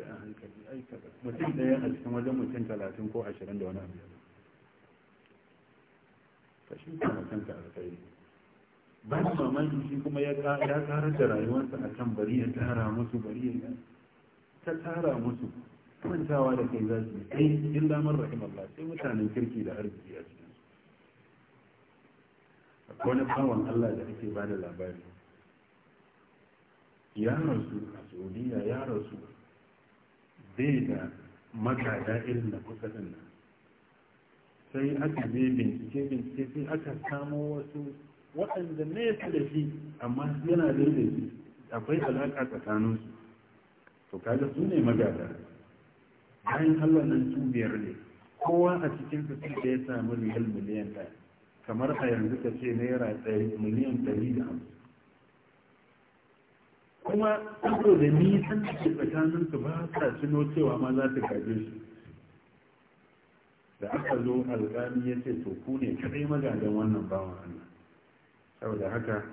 a hankali aikata mutum ɗaya a cikin wajen mutum talatin ko ashirin da wani abu ka shi ka kanka alkhairi ba da mamaki shi kuma ya karar da rayuwarsa a kan bari ya tsara musu bari ya ta tara musu mantawa da kai za su yi sai illa man rahimallah sai mutanen kirki da arziki a ciki wani bawan allah da ake ba da labari ya rasu a saudiya ya rasu zai da magada irin da kusa nan sai aka je bincike bincike sai aka samo wasu waɗanda ne su da shi amma yana daidai su, akwai alaƙa tsakaninsu to kaga su ne magada bayan allah nan su biyar ne kowa a cikin sai ya samu riyal miliyan ɗaya kamar a yanzu ka ce naira miliyan ɗari da hamsin kuma saboda nisan da ke tsakanin su ba sa tuno cewa ma za su gaje su. da aka zo alƙali ya ce to ku ne kaɗai magajen wannan bawan Allah saboda haka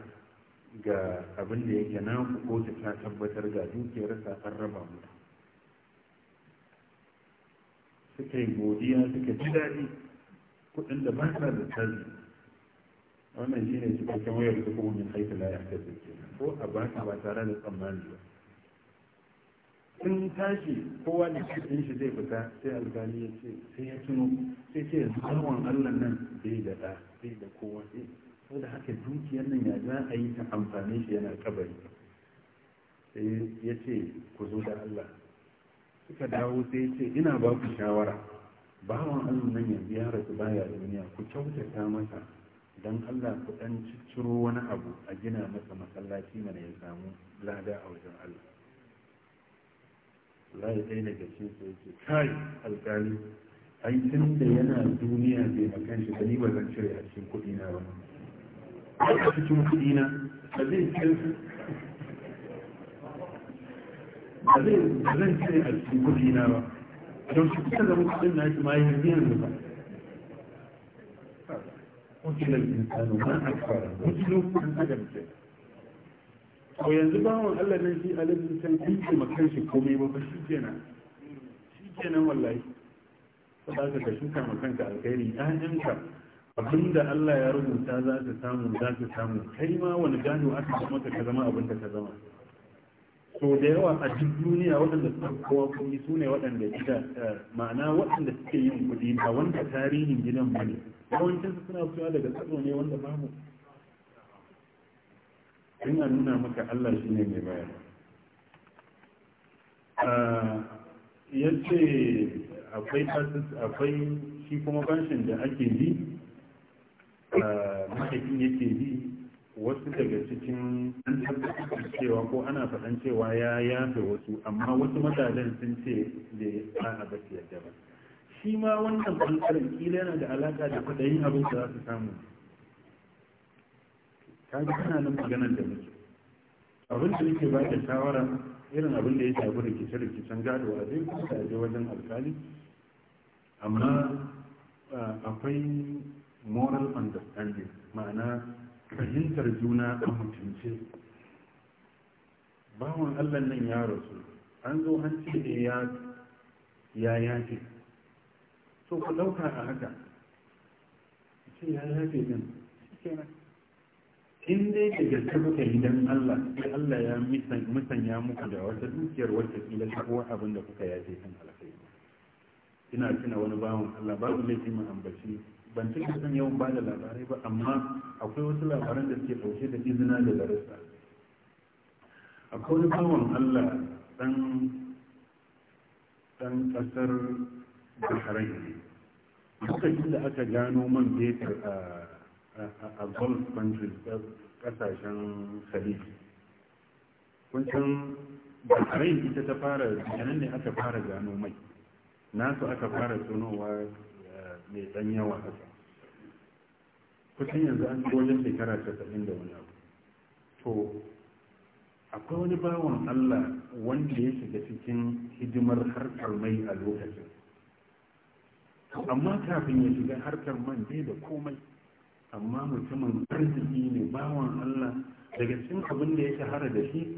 ga abin da yake na ko ta tabbatar ga dukiyarsa an raba mutu suka yi godiya suka ji daɗi kuɗin da ba sa da tazi wannan shi ne cikin kama yau da kuma min haifi la ya tafi ko a baka ba tare da tsammani ba sun tashi kowa da cikin shi zai fita sai alkali ya ce sai ya tuno sai ce tsawon allah nan bai da ɗa bai da kowa sai da haka dukiyar nan ya za a yi ta amfani shi yana kabari sai ya ce ku zo da allah suka dawo sai ya ce ina ba ku shawara bawan allanan nan yanzu ya rasu baya da duniya ku kyautata masa don allah ku ɗan ciro wani abu a gina masa masallaci mana ya samu lada a wajen allah wallahi ɗaya daga cikin su yake kai alƙali ai tun da yana duniya bai makan shi ni ba zan cire a cikin kuɗi na ba a cikin kuɗi na ba zai cire ba zan cire a cikin kuɗi na ba don shi kusa da kuɗin na shi ma yanzu yanzu ba قتل الإنسان ما أكفر مسلم عن أدم ko yanzu bawon Allah nan shi alifin can in ce makan shi komai ba fa shi kenan shi kenan wallahi saboda ka shuka makan ka alkhairi abinda Allah ya rubuta za ka samu za ka samu kai ma wani gano aka zama ka zama da ka zama so da yawa a duk duniya waɗanda suka kowa kuɗi su ne waɗanda gida eh, ma'ana waɗanda suke yin kuɗi ba wanda tarihin gidan ba ne yawancin su suna fitowa daga tsaro ne wanda babu ina nuna maka Allah shi ne mai bayar ah, ya ce akwai akwai shi kuma bashin da ake bi ah, mahaifin yake bi wasu daga cikin an tabbatar cewa ko ana faɗan cewa ya yafe wasu amma wasu matalan sun ce da a ba yadda ba shi ma wannan ɓangaren kila yana da alaƙa da kwaɗayin abin da za su samu ta ji kana nan maganar da muke abin da nake ba da shawara irin abin da ya shafi rikice-rikicen gado a zai je wajen alkali amma ah, akwai moral understanding ma'ana fahimtar juna a mutunce bawan allah nan ya rasu an zo an da ya ya yafe so ku ɗauka a haka ce ya yafe din in dai da gaske kuka yi don allah sai allah ya musanya muku da wata dukiyar wata kila ta abin da kuka yafe kan alkhairi ina tuna wani bawan allah babu laifin mu ambaci ban cika son yawan ba da labarai ba amma akwai wasu labaran da suke ɗauke da izina da darasa akwai wani bawan allah ɗan ɗan ƙasar bahrain ne lokacin da aka gano man betar a gulf countries ƙasashen khalid kuncin bahrain ita ta fara nan ne aka fara gano mai nasu aka fara tunowa eh, mai ɗan yawa haka kusan yanzu an ci wajen shekara casa'in da wani abu to akwai wani bawan allah wanda ya shiga cikin hidimar harkar mai a lokacin amma kafin ya shiga harkar man bai da komai amma mutumin arziki ne bawan allah daga cikin abin da ya shahara da shi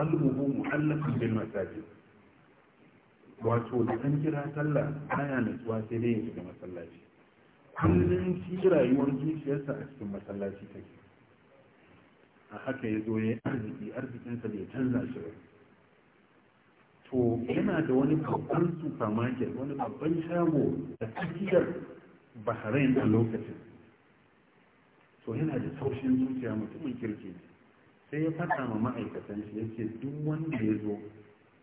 kalbuhu mu'allafin bin masajin wato da an kira sallah baya natsuwa sai dai ya shiga masallaci kullum shi rayuwar zuciyarsa a cikin masallaci take a haka ya zo ya arziki arzikinsa da ya canza shi ba to yana da wani babban supermarket wani babban shago da tsakiyar bahrain a lokacin to yana da taushin zuciya mutumin kirki sai ya fata ma ma'aikatan shi yake duk wanda ya zo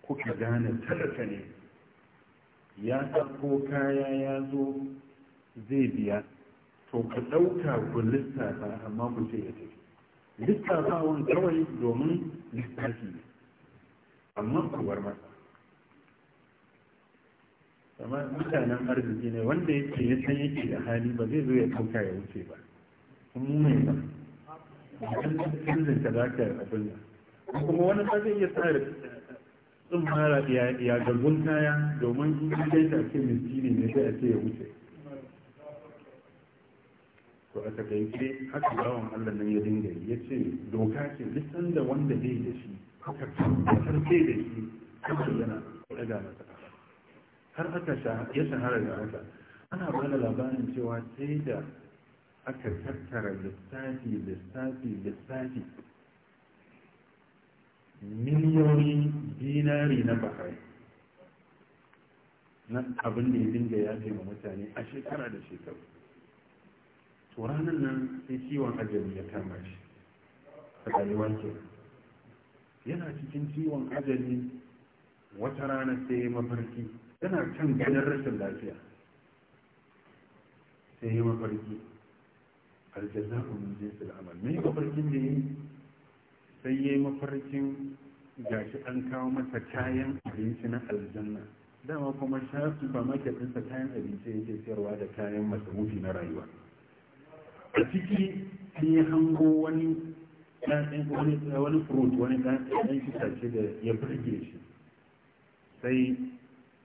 kuka gane talaka ne ya ɗauko kaya ya zo zai biya to ka ɗauka ku lissafa amma ku ce ya tafi Lissafa wani kawai domin lissafi ne amma ku bar masa amma mutanen arziki ne wanda yake ya san yake da hali ba zai zo ya ɗauka ya wuce ba mu mai ba kan canjin ka za a abin nan kuma wani ba zai iya tsara tsumara ya garbun kaya domin in kai ta ce miskini ne sai a ce ya wuce to a takaice haka bawan allah nan ya dinga ya ce doka ce lissan da wanda zai da shi haka kasar sai da shi kuma yana daga masa har aka ya shahara da haka ana bada labarin cewa sai da aka tattara lissafi lissafi lissafi miliyoyin dinari na bahari na abin da ya dinga ya ma mutane a shekara da shekaru to ranar nan sai ciwon ajali ya kama shi a ke yana cikin ciwon ajali wata rana sai ya mafarki yana can ganin rashin lafiya sai ya mafarki aljanna min jinsil amal me mafarkin da yi sai ya mafarkin gashi an kawo masa kayan abinci na aljanna dama kuma shafi ba maka kayan abinci yake sayarwa da kayan masarufi na rayuwa a ciki sun yi hango wani wani fruit wani ɗan itace da ya burge shi sai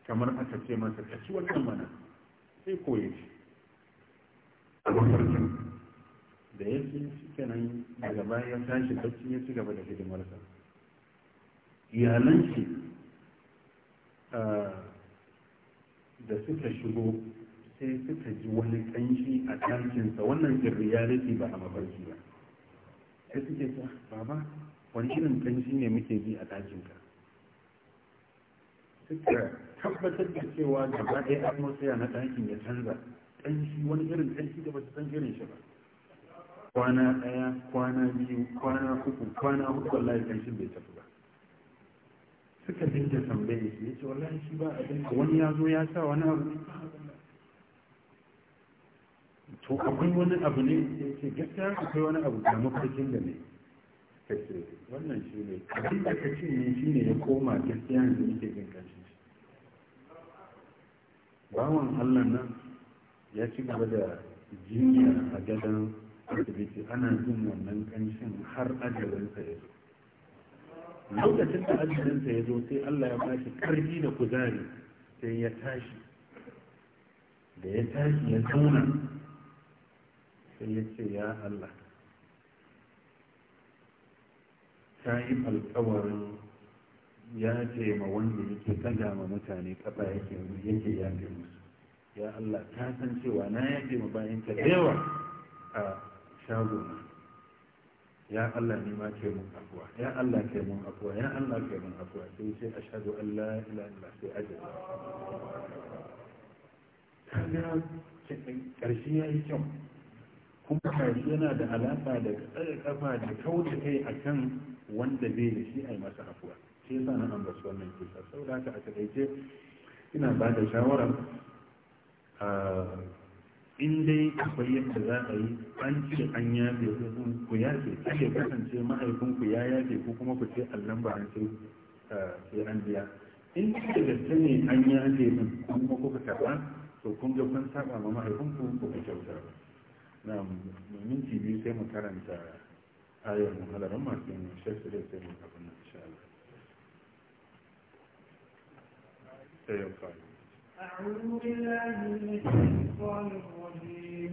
kamar aka ce masa ka ci wannan mana sai koye shi da ya fi shi kenan daga baya ya tashi bacci ya ci gaba da hidimarsa iyalan shi ah, da suka shigo sai suka ji wani kanshi a ɗakinsa wannan ya reality ba a mafarki ba sai suke ta baba wani irin kanshi ne muke ji a ɗakinka suka tabbatar da cewa gaba ɗaya atmosphere na ɗakin ya canza ƙanshi wani irin ƙanshi da ba su san irin shi ba kwana ɗaya kwana biyu kwana uku kwana uku wallahi ƙanshin bai tafi ba suka dinga tambaye shi ya ce wallahi shi ba abin wani ya zo ya sa wani abu to akwai wani abu ne ce gaskiya akwai wani abu da mafarkin da ne kace wannan shi ne abin da kace ne shi ne ya koma gaskiya ne yake jin kanshi bawan Allah nan ya ci gaba da jinya a gadon asibiti ana jin wannan kanshin har ajalinsa ya zo lokacin da ajalinsa ya zo sai Allah ya ba shi karfi da kuzari sai ya tashi da ya tashi ya zauna sai ya ce ya Allah ta yi alkawarin ya ce ma wanda yake tada ma mutane kafa yake yake yafe musu ya Allah ta san cewa na yafe ma bayan ka yawa a shagona ya Allah ni ma ke mun afuwa ya Allah ke mun afuwa ya Allah ke mun afuwa sai ce ashhadu an la ilaha illa sai ajaba kaga ya yayi kyau kuma kashi yana da alaƙa da tsaye kafa da kauda kai a kan wanda bai da shi a yi masa afuwa shi yasa na basu wannan kisa da haka a taƙaice ina ba da shawara in dai akwai yadda za a yi an ce an yafe ku yafe ake kasance mahaifinku ya yafe ko kuma ku ce allan ba an ce sai an biya in da gaske ne an yafe kuma kuka karɓa to kun ga kun saba ma mahaifinku ku ka kyauta ba نعم minti biyu sai mu karanta ayar muhalarar masu yin shafi da sai mu kafin na insha Allah sai ya faru أعوذ بالله من الشيطان الرجيم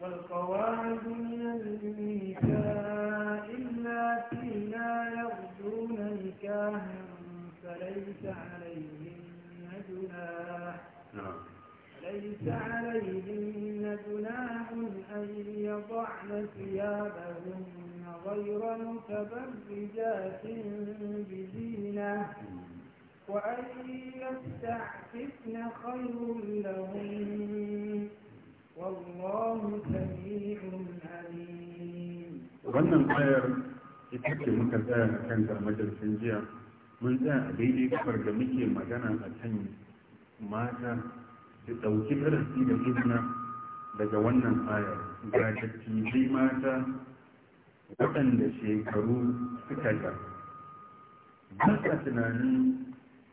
والقواعد من النساء التي لا يرجون نكاحا فليس عليهن جناح نعم ليس عليهن جناح أن يضعن ثيابهن غير متبرجات بزينة وأن يستعففن خير لهن والله سميع عليم. ظن الخير في حكي مكتبها كان مجلس الجيع من ذا بيجي كفر جميل Ki ɗauki darasi da izina daga wannan ayar ga dattijai mata waɗanda shekaru suka ga ba sa tunanin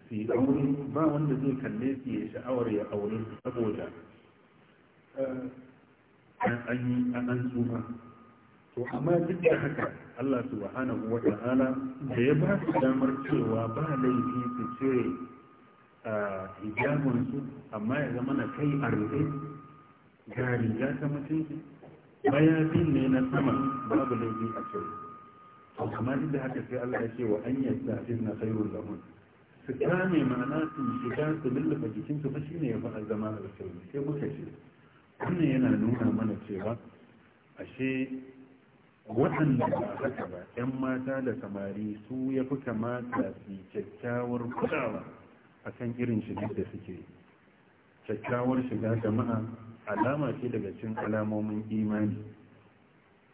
su yi aure ba wanda zai kalle su ya sha'awar ya aure su saboda eh, an yi an tsufa to amma duk da haka Allah subhanahu wa ta'ala da ya ba su damar cewa ba laifi su cire hijabinsu amma ya zama na kai a rufe ga riga ta mutunci bayafin ne na sama babu laifi a cewa to kamar inda haka sai Allah ya ce wa an yasta din na sayo lahum su kame ma'ana su shiga su lullufa jikinsu ba shine ya a zama alkhairi sai muka ce wannan yana nuna mana cewa ashe waɗanda ba haka ba 'yan mata da samari su ya fi kamata su kyakkyawar kulawa a kan irin shigar da suke yi kyakkyawar shiga jama'a alama ce daga cikin alamomin imani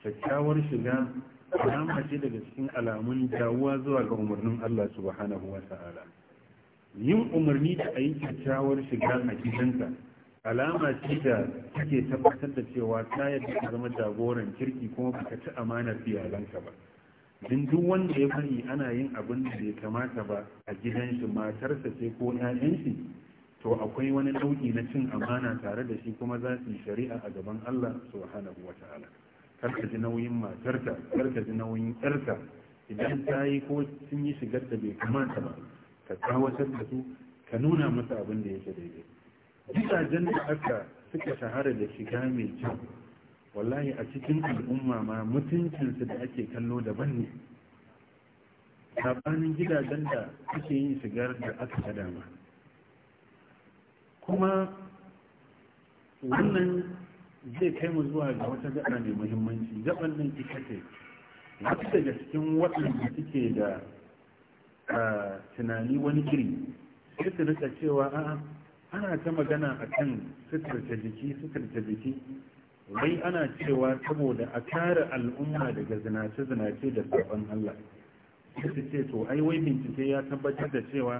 kyakkyawar shiga alama ce daga cikin alamun jawuwa zuwa ga umarnin Allah subhanahu wa ta'ala yin umarni da a yi kyakkyawar shiga a gidanka alama ce da take tabbatar da cewa ta yadda ka zama jagoran kirki kuma baka ci amanar iyalanka ba din duk wanda ya bari ana yin abin da bai kamata ba a gidan shi matarsa ce ko 'ya'yan shi to akwai wani nau'i na cin amana tare da shi kuma za su yi shari'a a gaban Allah subhanahu wa ta'ala kar ka ji nauyin matarta kar ji nauyin yarta idan ta yi ko sun yi shigar da bai kamata ba ka tsawatar da su ka nuna masa abin da yake daidai gidajen da aka suka shahara da shiga mai kyau wallahi a cikin al'umma ma mutuncinsu da ake kallo daban ne sabanin gidajen da suke yin shigar da aka ta dama kuma wannan zai kai mu zuwa ga wata gaba mai muhimmanci gaban nan ita ce wasu daga cikin waɗanda suke da tunani wani iri sai su rika cewa a'a ana ta magana a akan ta jiki ta jiki wai ana cewa saboda a kare al'umma daga zinace-zinace da saban Allah sai su ce to ai wai bincike ya tabbatar da cewa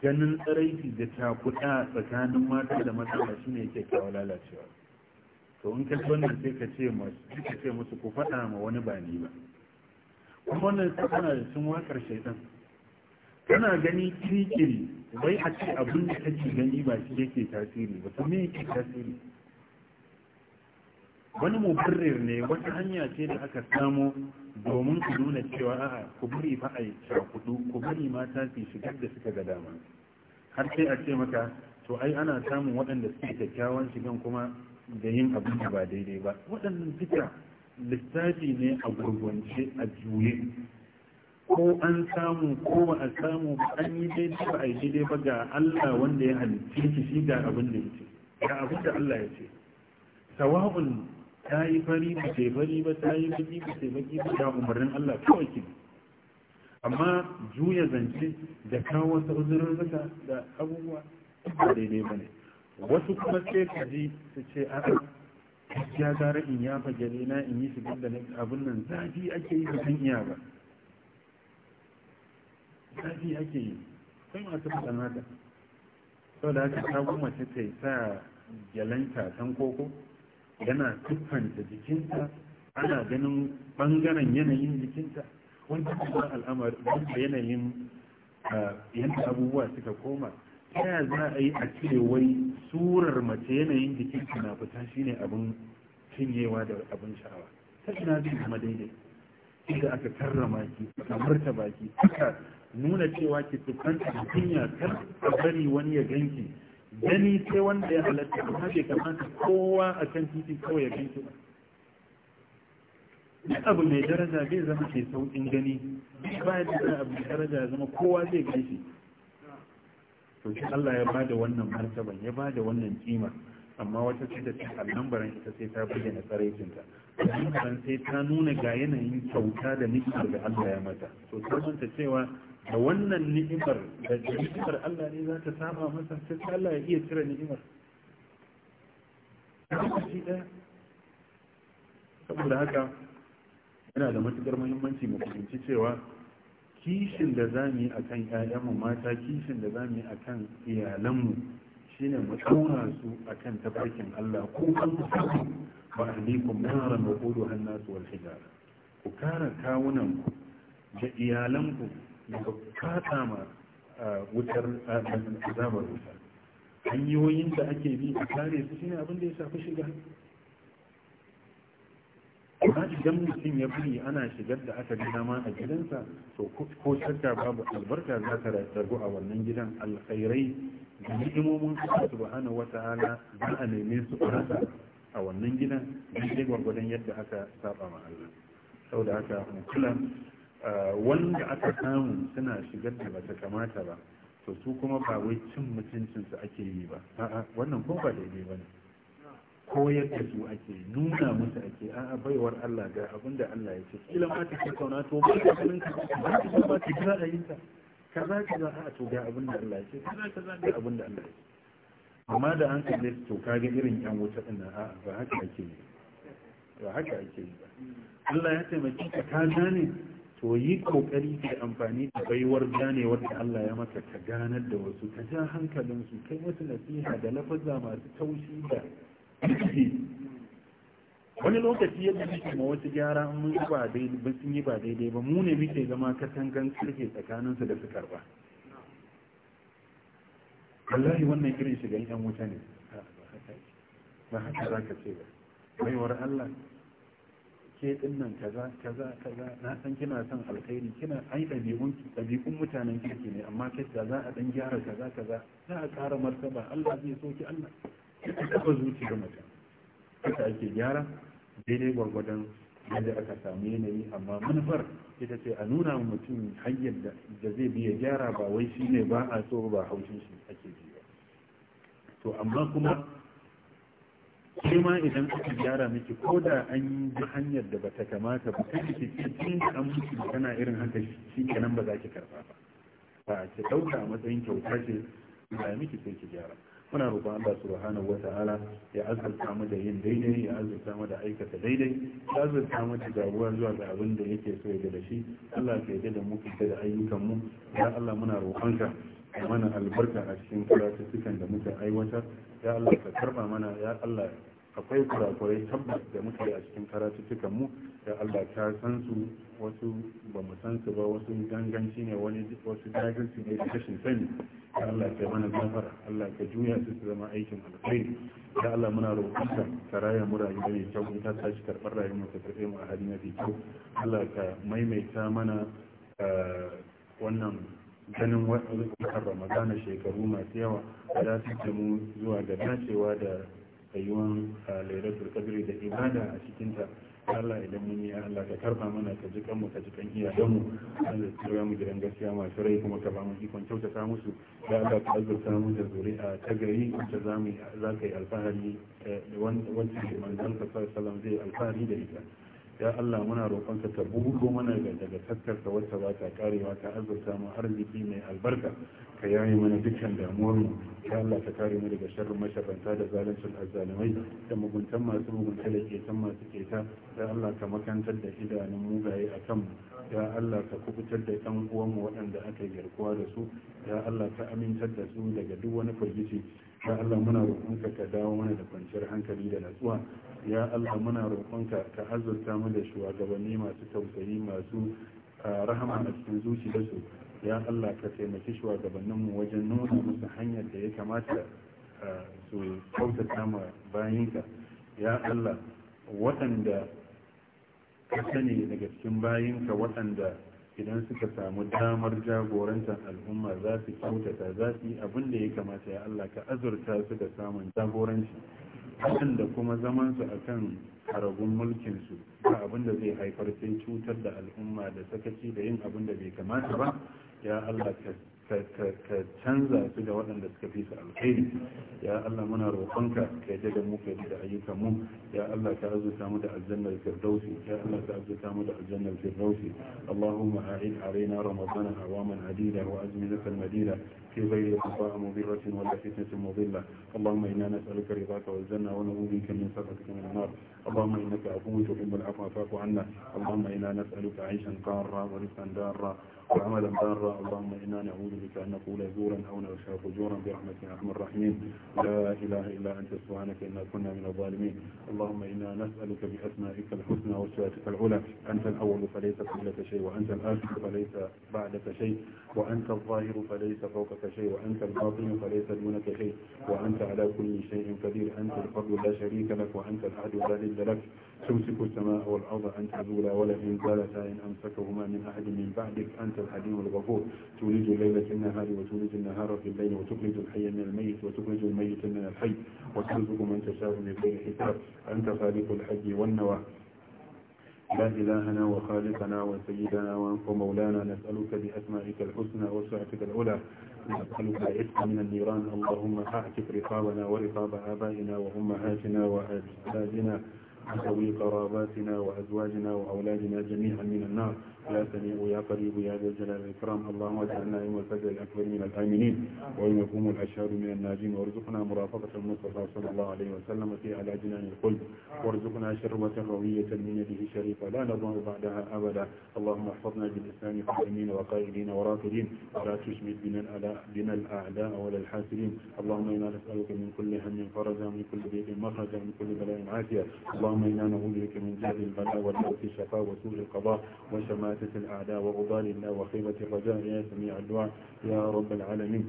ganin tsaraiti da takuɗa tsakanin mata da matsala shi ne yake kawo lalacewa to in ka wannan sai ka ce musu ka ce musu ku faɗa ma wani ba ni ba kuma wannan sai kana da cin wakar shaitan kana gani kirkiri wai a ce abin da kake gani ba shi yake tasiri ba to me yake tasiri wani mubarrir ne wata hanya ce da aka samu domin ku nuna cewa a'a ku bari fa a shakudu ku bari mata su shigar da suka ga dama har sai a ce maka to ai ana samun waɗanda suke kyakkyawan shigan kuma da yin abin da ba daidai ba waɗannan duka lissafi ne a gurgunce a juye ko an samu ko ba a samu an yi daidai ba a yi daidai ba ga Allah wanda ya halitta shi ga abin da ya ce ga abin da Allah ya ce sawa'un ta yi fari ba ta yi fari ba ta yi baki ba ta yi baki ba ta umarnin Allah kawai ki amma juya zance da kawo wasu zaka da abubuwa ba daidai ba ne wasu kuma sai ka ji su ce a ya gara in ya fage na in yi shigar da abin nan zafi ake yi ba iya ba zafi ake yi kai masu faɗan sau da haka ta goma ta ta yi sa gyalanta san koko yana siffanta jikinta ana ganin bangaren yanayin jikinta wanda kuma al'amar wanda yanayin ah, yadda abubuwa suka koma ta za a yi a ce wai surar mace yanayin jikinta na fita shine abin cinyewa da abin sha'awa ta ina zai zama daidai inda aka karrama ki aka martaba ki aka nuna cewa ki tukanta da kunya kar a bari wani ya ganki gani sai wanda ya halatta kuma bai kamata kowa a kan titi kawai ya ganki ba duk abu mai daraja bai zama ke sauƙin gani ba ya da abu mai daraja zama kowa zai gaishe. to shi Allah ya bada wannan martaba ya bada wannan kima amma wata ce da cin allambaran ita sai ta na tsaraicinta allambaran sai ta nuna ga yanayin kyauta da nikimar da Allah ya mata to ta cewa da wannan ni'imar da ni'imar Allah ne za ta saba masa sai Allah ya iya cire ni'imar saboda haka yana da matukar muhimmanci mu fahimci cewa kishin da za mu yi a kan ‘ya'yanmu mata kishin da za mu yi a kan iyalanmu shi ne mu su a kan tafarkin Allah ko kan musamman ba a nikun mara makodo hannasu wal hijara ku kara kawunanku da iyalanku daga fata ma wutar azabar wuta hanyoyin da ake bi a kare su shine abin da ya shafi shiga amma idan mutum ya bani ana shigar da aka gina ma a gidansa to ko shakka babu albarka za ta ragu a wannan gidan alkhairai da ni'imomin Allah subhanahu wata'ala za a neme su rasa a wannan gidan daidai gwargwadon yadda aka saba ma Allah Sau da aka kula wanda aka samu suna shigar da bata kamata ba to su kuma ba wai cin mutuncinsu ake yi ba a'a wannan ko ba daidai ba ne koyar da su ake nuna musu ake a'a baiwar Allah ga abin da Allah ya ce kila ma ta ce kauna to ba ta ganin ka ba ta ba ta ga ayyuka kaza kaza a'a to ga abin da Allah ya ce kaza kaza ga abin da Allah ya ce amma da an kalle to kaga irin yan wuta din a'a ba haka ake yi ba haka ake yi ba Allah ya taimake ka ka gane to yi kokari ka amfani da baiwar gane wanda Allah ya maka ka ganar da wasu ka ja hankalin su kai wasu nasiha da lafaza masu taushi da wani lokaci yadda muke ma wasu gyara an mun ba daidai ba sun yi ba daidai ba mu ne muke zama katangan karfe tsakanin su da su karba wallahi wannan irin shiga yan wuta ne ba haka za ka ce ba baiwar Allah ke nan kaza kaza kaza na san kina son alkhairi kina ai ɗabi'un mutanen kirki ne amma kai da za a dan gyara kaza kaza za a ƙara martaba Allah zai so ki Allah ka taba zuciyar mutum haka ake gyara daidai gwargwadon yadda aka samu yanayi amma manufar ita ce a nuna mutum hanyar da zai biya gyara ba wai shi ne ba a so ba haushin shi ake ji to amma kuma sai idan aka gyara miki ko da an yi hanyar da bata kamata ba ta ke ce an kana irin haka shi kenan ba za ki karba ba ba ki ɗauka a matsayin kyauta ce ba miki sai ki gyara muna roƙon Allah subhanahu wata'ala ya azurta mu da yin daidai ya azurta mu da aikata daidai ya azurta mu da jagowa zuwa ga abin da yake so ya da shi Allah ka da mu fita da ayyukan mu ya Allah muna roƙonka mana albarka a cikin karatuttukan da muka aiwatar ya Allah ka karba mana ya Allah akwai kurakurai tabbas da muke a cikin karatuttukan mu ya Allah ka san su wasu ba mu san su ba wasu ganganci ne wani wasu jahilci ne da shi sani ya Allah ka mana gafara Allah ka juya su su zama aikin alkhairi ya Allah muna roƙonka ka raya mu rayuwa mai kyau ta tashi karɓar rayuwa ta karɓe mu a hali mafi kyau Allah ka maimaita mana eh, wannan ganin watan ramadana shekaru masu yawa a dasar da mu zuwa da dacewa da rayuwan lairatul turkabiri da ibada a cikinta Allah idan mun yi Allah ka karba mana ka ji kanmu ka ji kan iyayenmu an da tsira mu gidan gaskiya masu rai kuma ka ba mu ikon kyautata musu da Allah ka azurta mu da zuri'a ta gari wacce za mu za ka yi alfahari eh, wanda manzon sallallahu zai alfahari da ita ya Allah muna roƙonka ta buɗo mana daga taskarka wacce ba ta karewa azurta mu arziki mai albarka ka yaye mana dukkan damuwarmu ya Allah ka kare mu daga sharrin masharanta da zaluncin azzalimai da muguntan masu mugunta da ketan masu keta ya Allah ka makantar da idanun mugaye a kanmu ya Allah ka kubutar da ɗan uwanmu waɗanda aka yi garkuwa da su ya Allah ka amintar da su daga duk wani firgici ya Allah muna roƙonka ka dawo mana da kwanciyar hankali da natsuwa ya Allah muna roƙonka ka azurta mu da shugabanni masu tausayi masu ah, rahama a cikin zuciyarsu ya Allah ka taimaki shugabannin mu wajen nuna musu hanyar da ya kamata ah, su kautata ma bayinka ya Allah waɗanda ka sani daga cikin bayinka waɗanda idan suka samu damar jagorantar al'umma za su kyautata za su yi abin da ya kamata ya Allah ka azurta su da samun jagoranci da kuma zaman su akan haragun mulkin su ba abin da zai haifar sai cutar da al'umma da sakaci da yin abin da bai kamata ba ya Allah ka ka canza su da waɗanda suka fi su alkhairi ya Allah muna roƙonka ka yadda da mu ka da ayyukan mu ya Allah ka arzuta mu da aljannar firdausi ya Allah ka arzuta mu da aljannar firdausi Allahumma a'id alaina ramadana awaman adida wa azminatan madida في غير قضاء مضرة ولا فتنة مضلة اللهم إنا نسألك رضاك والجنة ونعوذ بك من سخطك من النار اللهم إنك عفو تحب العفو فاعف عنا اللهم إنا نسألك عيشا قارا ورزقا دارا وعملا بارا اللهم إنا نعوذ بك أن نقول زورا أو نشاء فجورا برحمتك يا أرحم الراحمين لا إله إلا أنت سبحانك إنا كنا من الظالمين اللهم إنا نسألك بأسمائك الحسنى وصفاتك العلى أنت الأول فليس قبلك شيء وأنت الآخر فليس بعدك شيء وأنت الظاهر فليس فوقك شيء وأنت الباطن فليس دونك شيء وأنت على كل شيء قدير أنت الفضل لا شريك لك وأنت الأحد لا ضد لك تمسك السماء والأرض أن تزولا ولئن زالتا إن أمسكهما من أحد من بعدك أنت الحليم الغفور تولد الليل في النهار وتولد النهار في الليل وتخرج الحي من الميت وتخرج الميت من الحي وترزق من تشاء من غير حساب أنت خالق الحي والنوى لا إلهنا وخالقنا وسيدنا ومولانا نسألك بأسمائك الحسنى وسعتك العلى نسألك العتق من النيران اللهم أعتق رقابنا ورقاب آبائنا وأمهاتنا وأجدادنا عن ذوي قراباتنا وأزواجنا وأولادنا جميعا من النار يا سميع يا قريب يا ذا الجلال والإكرام اللهم اجعلنا يوم الفجر الأكبر من الآمنين ويوم يقوم الأشهر من الناجين وارزقنا مرافقة المصطفى صلى الله عليه وسلم في على جنان القلب وارزقنا شربة روية من يده شريفة لا نظن بعدها أبدا اللهم احفظنا بالإسلام قائمين وقائلين ورافدين ولا تشمت بنا الأعداء ولا الحاسدين اللهم إنا نسألك من كل هم فرجا من كل ضيق مخرجا من كل بلاء عافية اللهم إنا نعوذ بك من جهل البلاء والموت الشفاء وسوء القضاء وشمال وشماتة الأعداء الله وخيبة الرجاء يا سميع الدعاء يا رب العالمين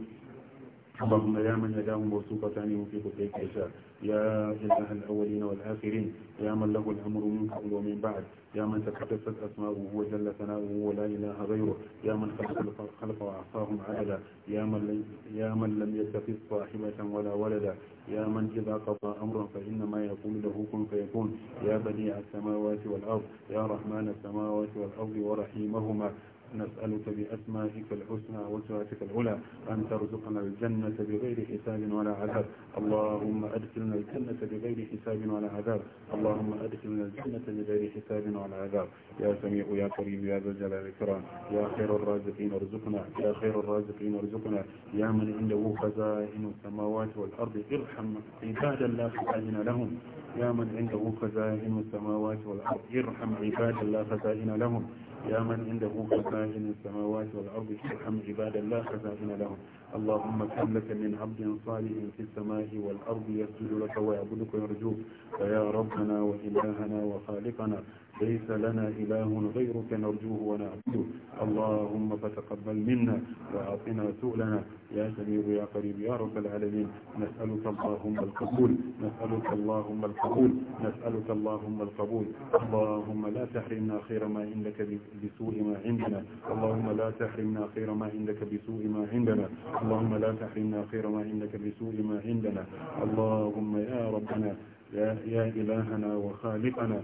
اللهم يا من هداهم وسوق ثانيهم في خطيك يشاء يا إله الأولين والآخرين يا من له الأمر من قبل ومن بعد يا من تكتفت أسماؤه وجل ثناؤه ولا إله غيره يا من خلق خلق وأعصاهم عددا يا من يا من لم يتخذ صاحبة ولا ولدا يا من إذا قضى أمرا فإنما يقول له كن فيكون يا بديع السماوات والأرض يا رحمن السماوات والأرض ورحيمهما نسألك بأسمائك الحسنى وصفاتك العلى أن ترزقنا الجنة بغير حساب ولا عذاب اللهم أدخلنا الجنة بغير حساب ولا عذاب اللهم أدخلنا الجنة بغير حساب ولا عذاب يا سميع يا كريم يا ذا الجلال والإكرام يا خير الرازقين ارزقنا يا خير الرازقين ارزقنا يا من عنده خزائن السماوات والأرض ارحم عبادا لا خزائن لهم يا من عنده خزائن السماوات والأرض ارحم عبادا لا خزائن لهم يا من عنده خزائن السماوات والأرض ارحم عباد الله خزائن لهم اللهم كن لك من عبد صالح في السماء والأرض يسجد لك ويعبدك ويرجوك فيا ربنا وإلهنا وخالقنا ليس لنا إله غيرك نرجوه ونعبده اللهم فتقبل منا وأعطنا سؤلنا يا سمير يا قريب يا رب العالمين نسألك اللهم القبول نسألك اللهم القبول نسألك اللهم القبول اللهم لا تحرمنا خير ما عندك بسوء ما عندنا اللهم لا تحرمنا خير ما عندك بسوء ما عندنا اللهم لا تحرمنا خير ما عندك بسوء ما عندنا اللهم يا ربنا يا, يا إلهنا وخالقنا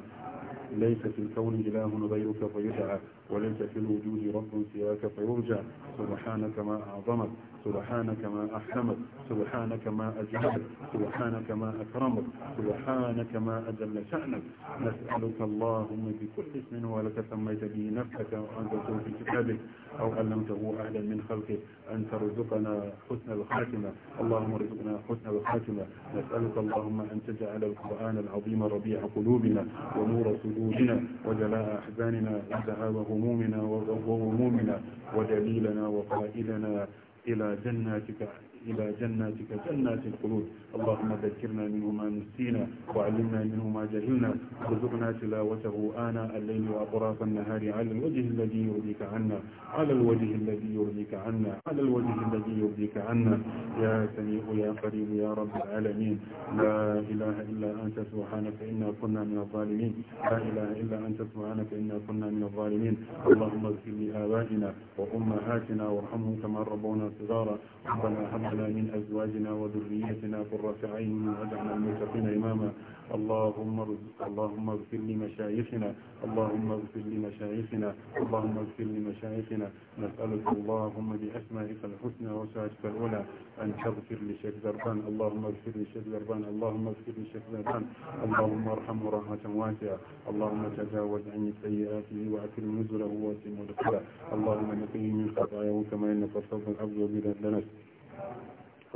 ليس في الكون إله غيرك فيدعى وليس في الوجود رب سواك فيرجى سبحانك ما أعظمك سبحانك ما أحرمت سبحانك ما أجهلت سبحانك ما أكرمت سبحانك ما أجل شأنك نسألك اللهم بكل اسم ولك سميت به نفسك وأنزلته في كتابك أو علمته أهلا من خلقه أن ترزقنا حسن الخاتمة اللهم ارزقنا حسن الخاتمة نسألك اللهم أن تجعل القرآن العظيم ربيع قلوبنا ونور صدورنا وجلاء أحزاننا وذهاب همومنا وغمومنا ودليلنا وقائلنا إلى جناتك إلى جناتك جنات الخلود اللهم ذكرنا منه ما نسينا وعلمنا منه ما جهلنا وارزقنا تلاوته آناء الليل وأطراف النهار على الوجه الذي يرضيك عنا على الوجه الذي يرضيك عنا على الوجه الذي يرضيك عنا يا سميع يا قريب يا رب العالمين لا إله إلا أنت سبحانك إنا كنا من الظالمين لا إله إلا أنت سبحانك إنا كنا من الظالمين اللهم اغفر لآبائنا وأمهاتنا وارحمهم كما ربونا صغارا ربنا هب لنا من أزواجنا وذريتنا قرة عين واجعلنا المتقين إماما اللهم اللهم اغفر لمشايخنا اللهم اغفر لمشايخنا اللهم اغفر لمشايخنا نسألك اللهم بأسمائك الحسنى وسعتك الأولى أن تغفر لشيخ زربان اللهم اغفر لشيخ زربان اللهم اغفر لشيخ زربان اللهم ارحمه رحمة واسعة اللهم تجاوز عني سيئاته وأكرم نزله واسع مدخله اللهم نقيه من خطاياه كما إنك الصبر الأفضل بذنب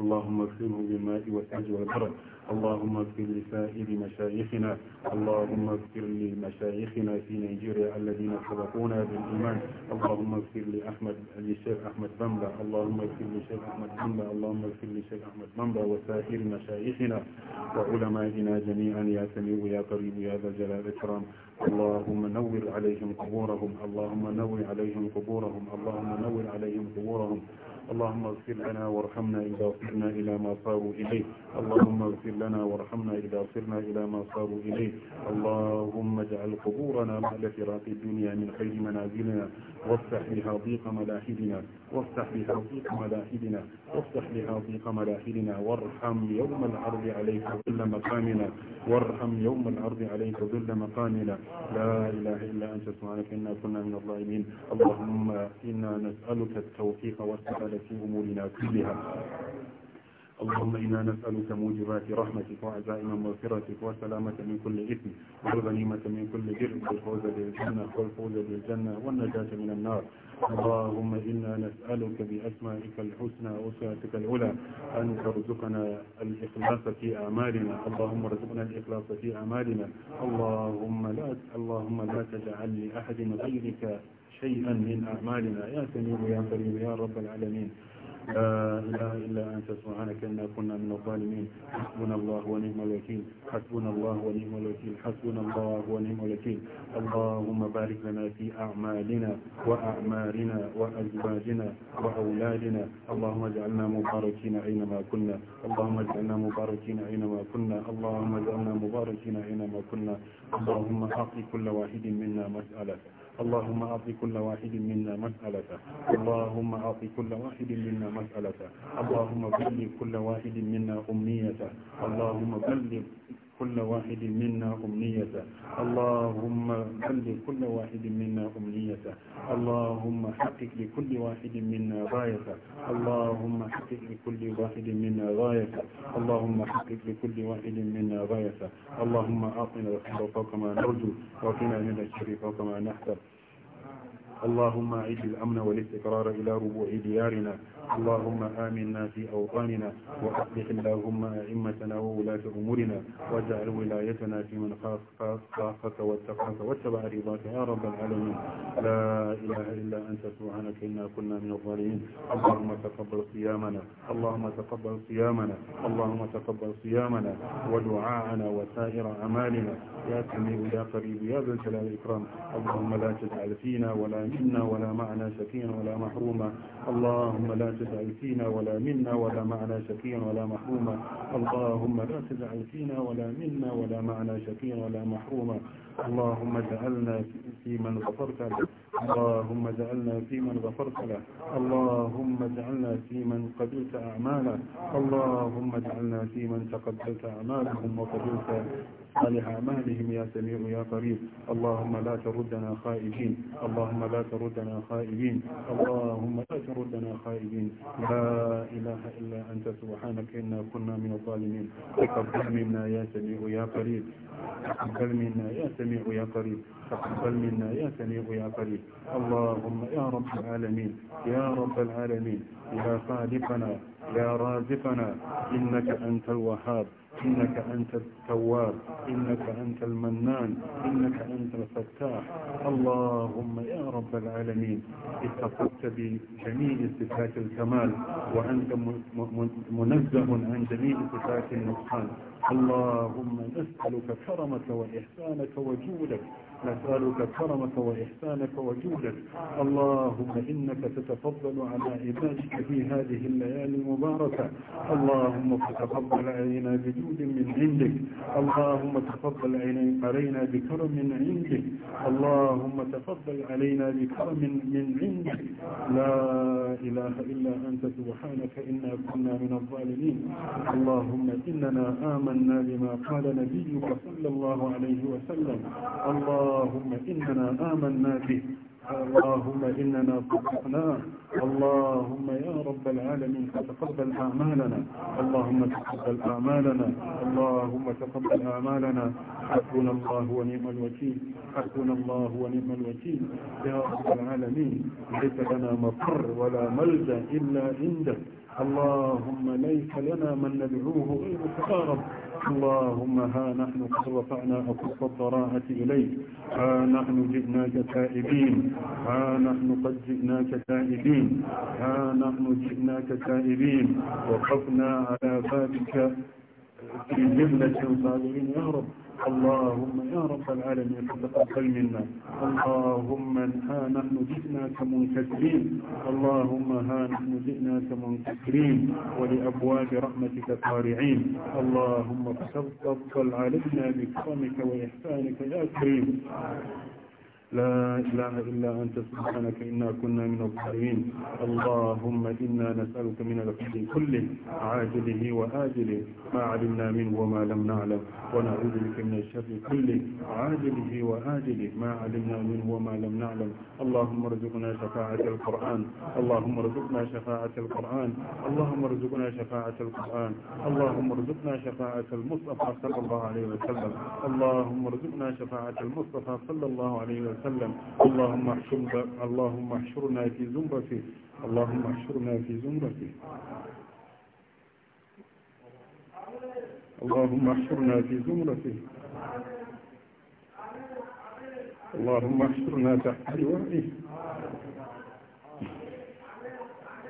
اللهم اغفره بالماء والثلج والبرد اللهم اغفر لسائر مشايخنا اللهم اغفر لمشايخنا في نيجيريا الذين سبقونا بالإيمان اللهم اغفر لأحمد للشيخ أحمد بمبا اللهم اغفر للشيخ أحمد بمبا اللهم اغفر للشيخ أحمد بمبا وسائر مشايخنا وعلمائنا جميعا يا سميع يا قريب يا ذا الجلال والإكرام اللهم نور عليهم قبورهم اللهم نور عليهم قبورهم اللهم نور عليهم قبورهم اللهم اغفر لنا وارحمنا إذا صرنا إلى ما صاروا إليه اللهم اغفر لنا وارحمنا إذا صرنا إلى ما صاروا إليه اللهم اجعل قبورنا بعد فراق الدنيا من خير منازلنا وافتح بها ضيق ملاحدنا وافتح بتوفيق ملاحدنا وافتح بتوفيق ملاحدنا وارحم يوم العرض عليك ذل مقامنا وارحم يوم العرض عليك ذل مقامنا لا إله إلا أنت سبحانك إنا كنا من الظالمين اللهم إنا نسألك التوفيق والسعادة في أمورنا كلها اللهم إنا نسألك موجبات رحمتك وعزائم مغفرتك وسلامة من كل إثم والغنيمة من كل جرم والفوز بالجنة والفوز بالجنة والنجاة من النار اللهم إنا نسألك بأسمائك الحسنى وصفاتك العلى أن ترزقنا الإخلاص في أعمالنا اللهم ارزقنا الإخلاص في أعمالنا اللهم لا اللهم لا تجعل لأحد غيرك شيئا من أعمالنا يا سميع يا كريم يا رب العالمين لا إله إلا أنت سبحانك إنا كنا من الظالمين حسبنا الله ونعم الوكيل حسبنا الله ونعم الوكيل حسبنا الله ونعم الوكيل اللهم بارك لنا في أعمالنا وأعمارنا وأزواجنا وأولادنا اللهم اجعلنا مباركين أينما كنا اللهم اجعلنا مباركين أينما كنا اللهم اجعلنا مباركين أينما كنا اللهم أعطي كل واحد منا مسألة اللهم اعط كل واحد منا مسألته اللهم اعط كل واحد منا مسألته اللهم بلغ كل واحد منا أمنيته اللهم بلغ كل واحد منا أمنيته اللهم بلغ كل واحد منا أمنيته اللهم حقق لكل واحد منا غايته اللهم حقق لكل واحد منا غايته اللهم حقق لكل واحد منا غايته اللهم أعطنا الخير فوق ما نرجو واعطنا من الشر فوق ما نحسب اللهم أعد الأمن والاستقرار إلى ربوع ديارنا اللهم آمنا في أوطاننا وأصلح اللهم أئمتنا وولاة أمورنا واجعل ولايتنا في من خافك واتقاك واتبع رضاك يا رب العالمين لا إله إلا أنت سبحانك إنا كنا من الظالمين اللهم تقبل صيامنا اللهم تقبل صيامنا اللهم تقبل صيامنا ودعاءنا وسائر أعمالنا يا سميع يا قريب يا ذا الجلال والإكرام اللهم لا تجعل فينا ولا منا ولا معنا سكينا ولا محروما اللهم لا تدع فينا ولا منا ولا معنا شكيا ولا محروما اللهم لا تدع فينا ولا منا ولا معنا شكيا ولا محروما اللهم اجعلنا في من غفرت له اللهم اجعلنا في من غفرت له اللهم اجعلنا في من قبلت أعماله اللهم اجعلنا في من تقبلت أعمالهم وقبلت صالح أعمالهم يا سميع يا قريب اللهم لا تردنا خائبين اللهم لا تردنا خائبين اللهم لا تردنا خائبين لا إله إلا أنت سبحانك إنا كنا من الظالمين تقبل منا يا سميع يا قريب تقبل منا يا سميع يا قريب تقبل منا يا سميع يا قريب اللهم يا رب العالمين يا رب العالمين يا خالقنا يا رازقنا إنك أنت الوهاب إنك أنت التواب إنك أنت المنان إنك أنت الفتاح اللهم يا رب العالمين اتفقت بجميع صفات الكمال وأنت منزه عن جميع صفات النقصان اللهم نسألك كرمك وإحسانك وجودك نسألك كرمك وإحسانك وجودك اللهم إنك تتفضل على عبادك في هذه الليالي المباركة اللهم تتفضل علينا بجود من عندك اللهم تفضل علينا بكرم من عندك اللهم تفضل علينا بكرم من عندك لا إله إلا أنت سبحانك إنا كنا من الظالمين اللهم إننا آمنا بما قال نبيك صلى الله عليه وسلم الله اللهم إننا آمنا به اللهم إننا صدقناه اللهم يا رب العالمين تقبل أعمالنا اللهم تقبل أعمالنا اللهم تقبل أعمالنا حسبنا الله ونعم الوكيل حسبنا الله ونعم الوكيل يا رب العالمين ليس لنا مقر ولا ملجأ إلا عندك اللهم ليس لنا من ندعوه غير يا اللهم ها نحن قد رفعنا أكف الضراعة إليك ها نحن جئناك تائبين ها نحن قد جئناك تائبين ها نحن جئناك تائبين وقفنا على بابك في جنة صابرين يا رب اللهم يا رب العالمين تتقبل منا اللهم ها نحن جئناك منكسرين اللهم ها نحن جئناك منكسرين ولأبواب رحمتك طارعين اللهم تفضل علينا بكرمك وإحسانك يا كريم لا إله إلا أنت سبحانك إنا كنا من الظالمين اللهم إنا نسألك من الخير كله عاجله وآجله ما علمنا منه وما لم نعلم ونعوذ بك من الشر كله عاجله وآجله ما علمنا منه وما لم نعلم اللهم ارزقنا شفاعة القرآن اللهم ارزقنا شفاعة القرآن اللهم ارزقنا شفاعة القرآن اللهم ارزقنا شفاعة المصطفى صلى الله عليه وسلم اللهم ارزقنا شفاعة المصطفى صلى الله عليه وسلم وسلم اللهم احشرنا اللهم احشرنا في زمرته اللهم احشرنا في زمرته اللهم احشرنا في زمرته اللهم احشرنا تحت لوائه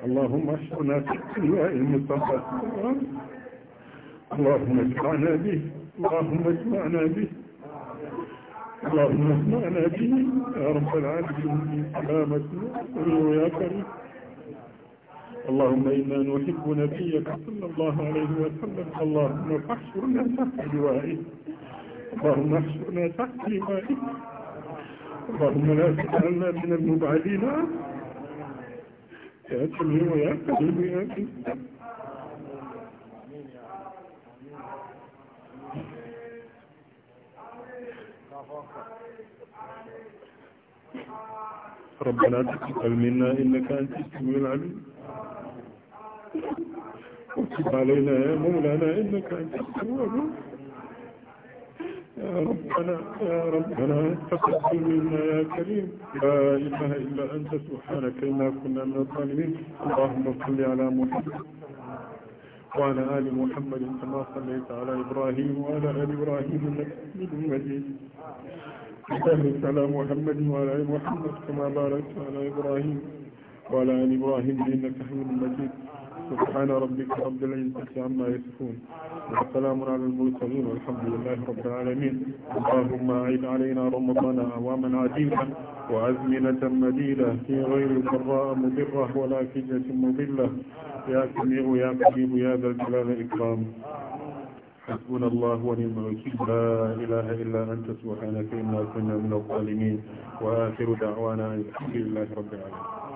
اللهم احشرنا تحت لواء المصطفى اللهم اجمعنا به اللهم اجمعنا به اللهم اسمعنا به يا رب العالمين سلامتنا وياكرم اللهم إنا نحب نبيك صلى الله عليه وسلم اللهم فاحشرنا تحت لوائه اللهم احشرنا تحت لوائه اللهم لا تجعلنا من المبعدين يا سميع يا كريم يا كريم ربنا تقبل منا إنك أنت السميع العليم وتب علينا يا مولانا إنك أنت السميع العليم يا ربنا يا ربنا تقبل منا يا كريم لا إله إلا أنت سبحانك إنا كنا من الظالمين اللهم صل على محمد وعلى آل محمد كما صليت على إبراهيم وعلى آل إبراهيم إنك حميد مجيد وبارك على محمد وعلى آل محمد كما باركت على إبراهيم وعلى آل إبراهيم إنك حميد مجيد سبحان ربك رب العزة عما يصفون وسلام على المرسلين والحمد لله رب العالمين اللهم أعد علينا رمضان أعواما عديدة وأزمنة مديدة في غير سراء مضرة ولا فجة مضلة يا سميع يا قريب يا ذا الجلال الإكرام حسبنا الله ونعم الوكيل لا إله إلا أنت سبحانك إنا كنا من الظالمين وآخر دعوانا الحمد لله رب العالمين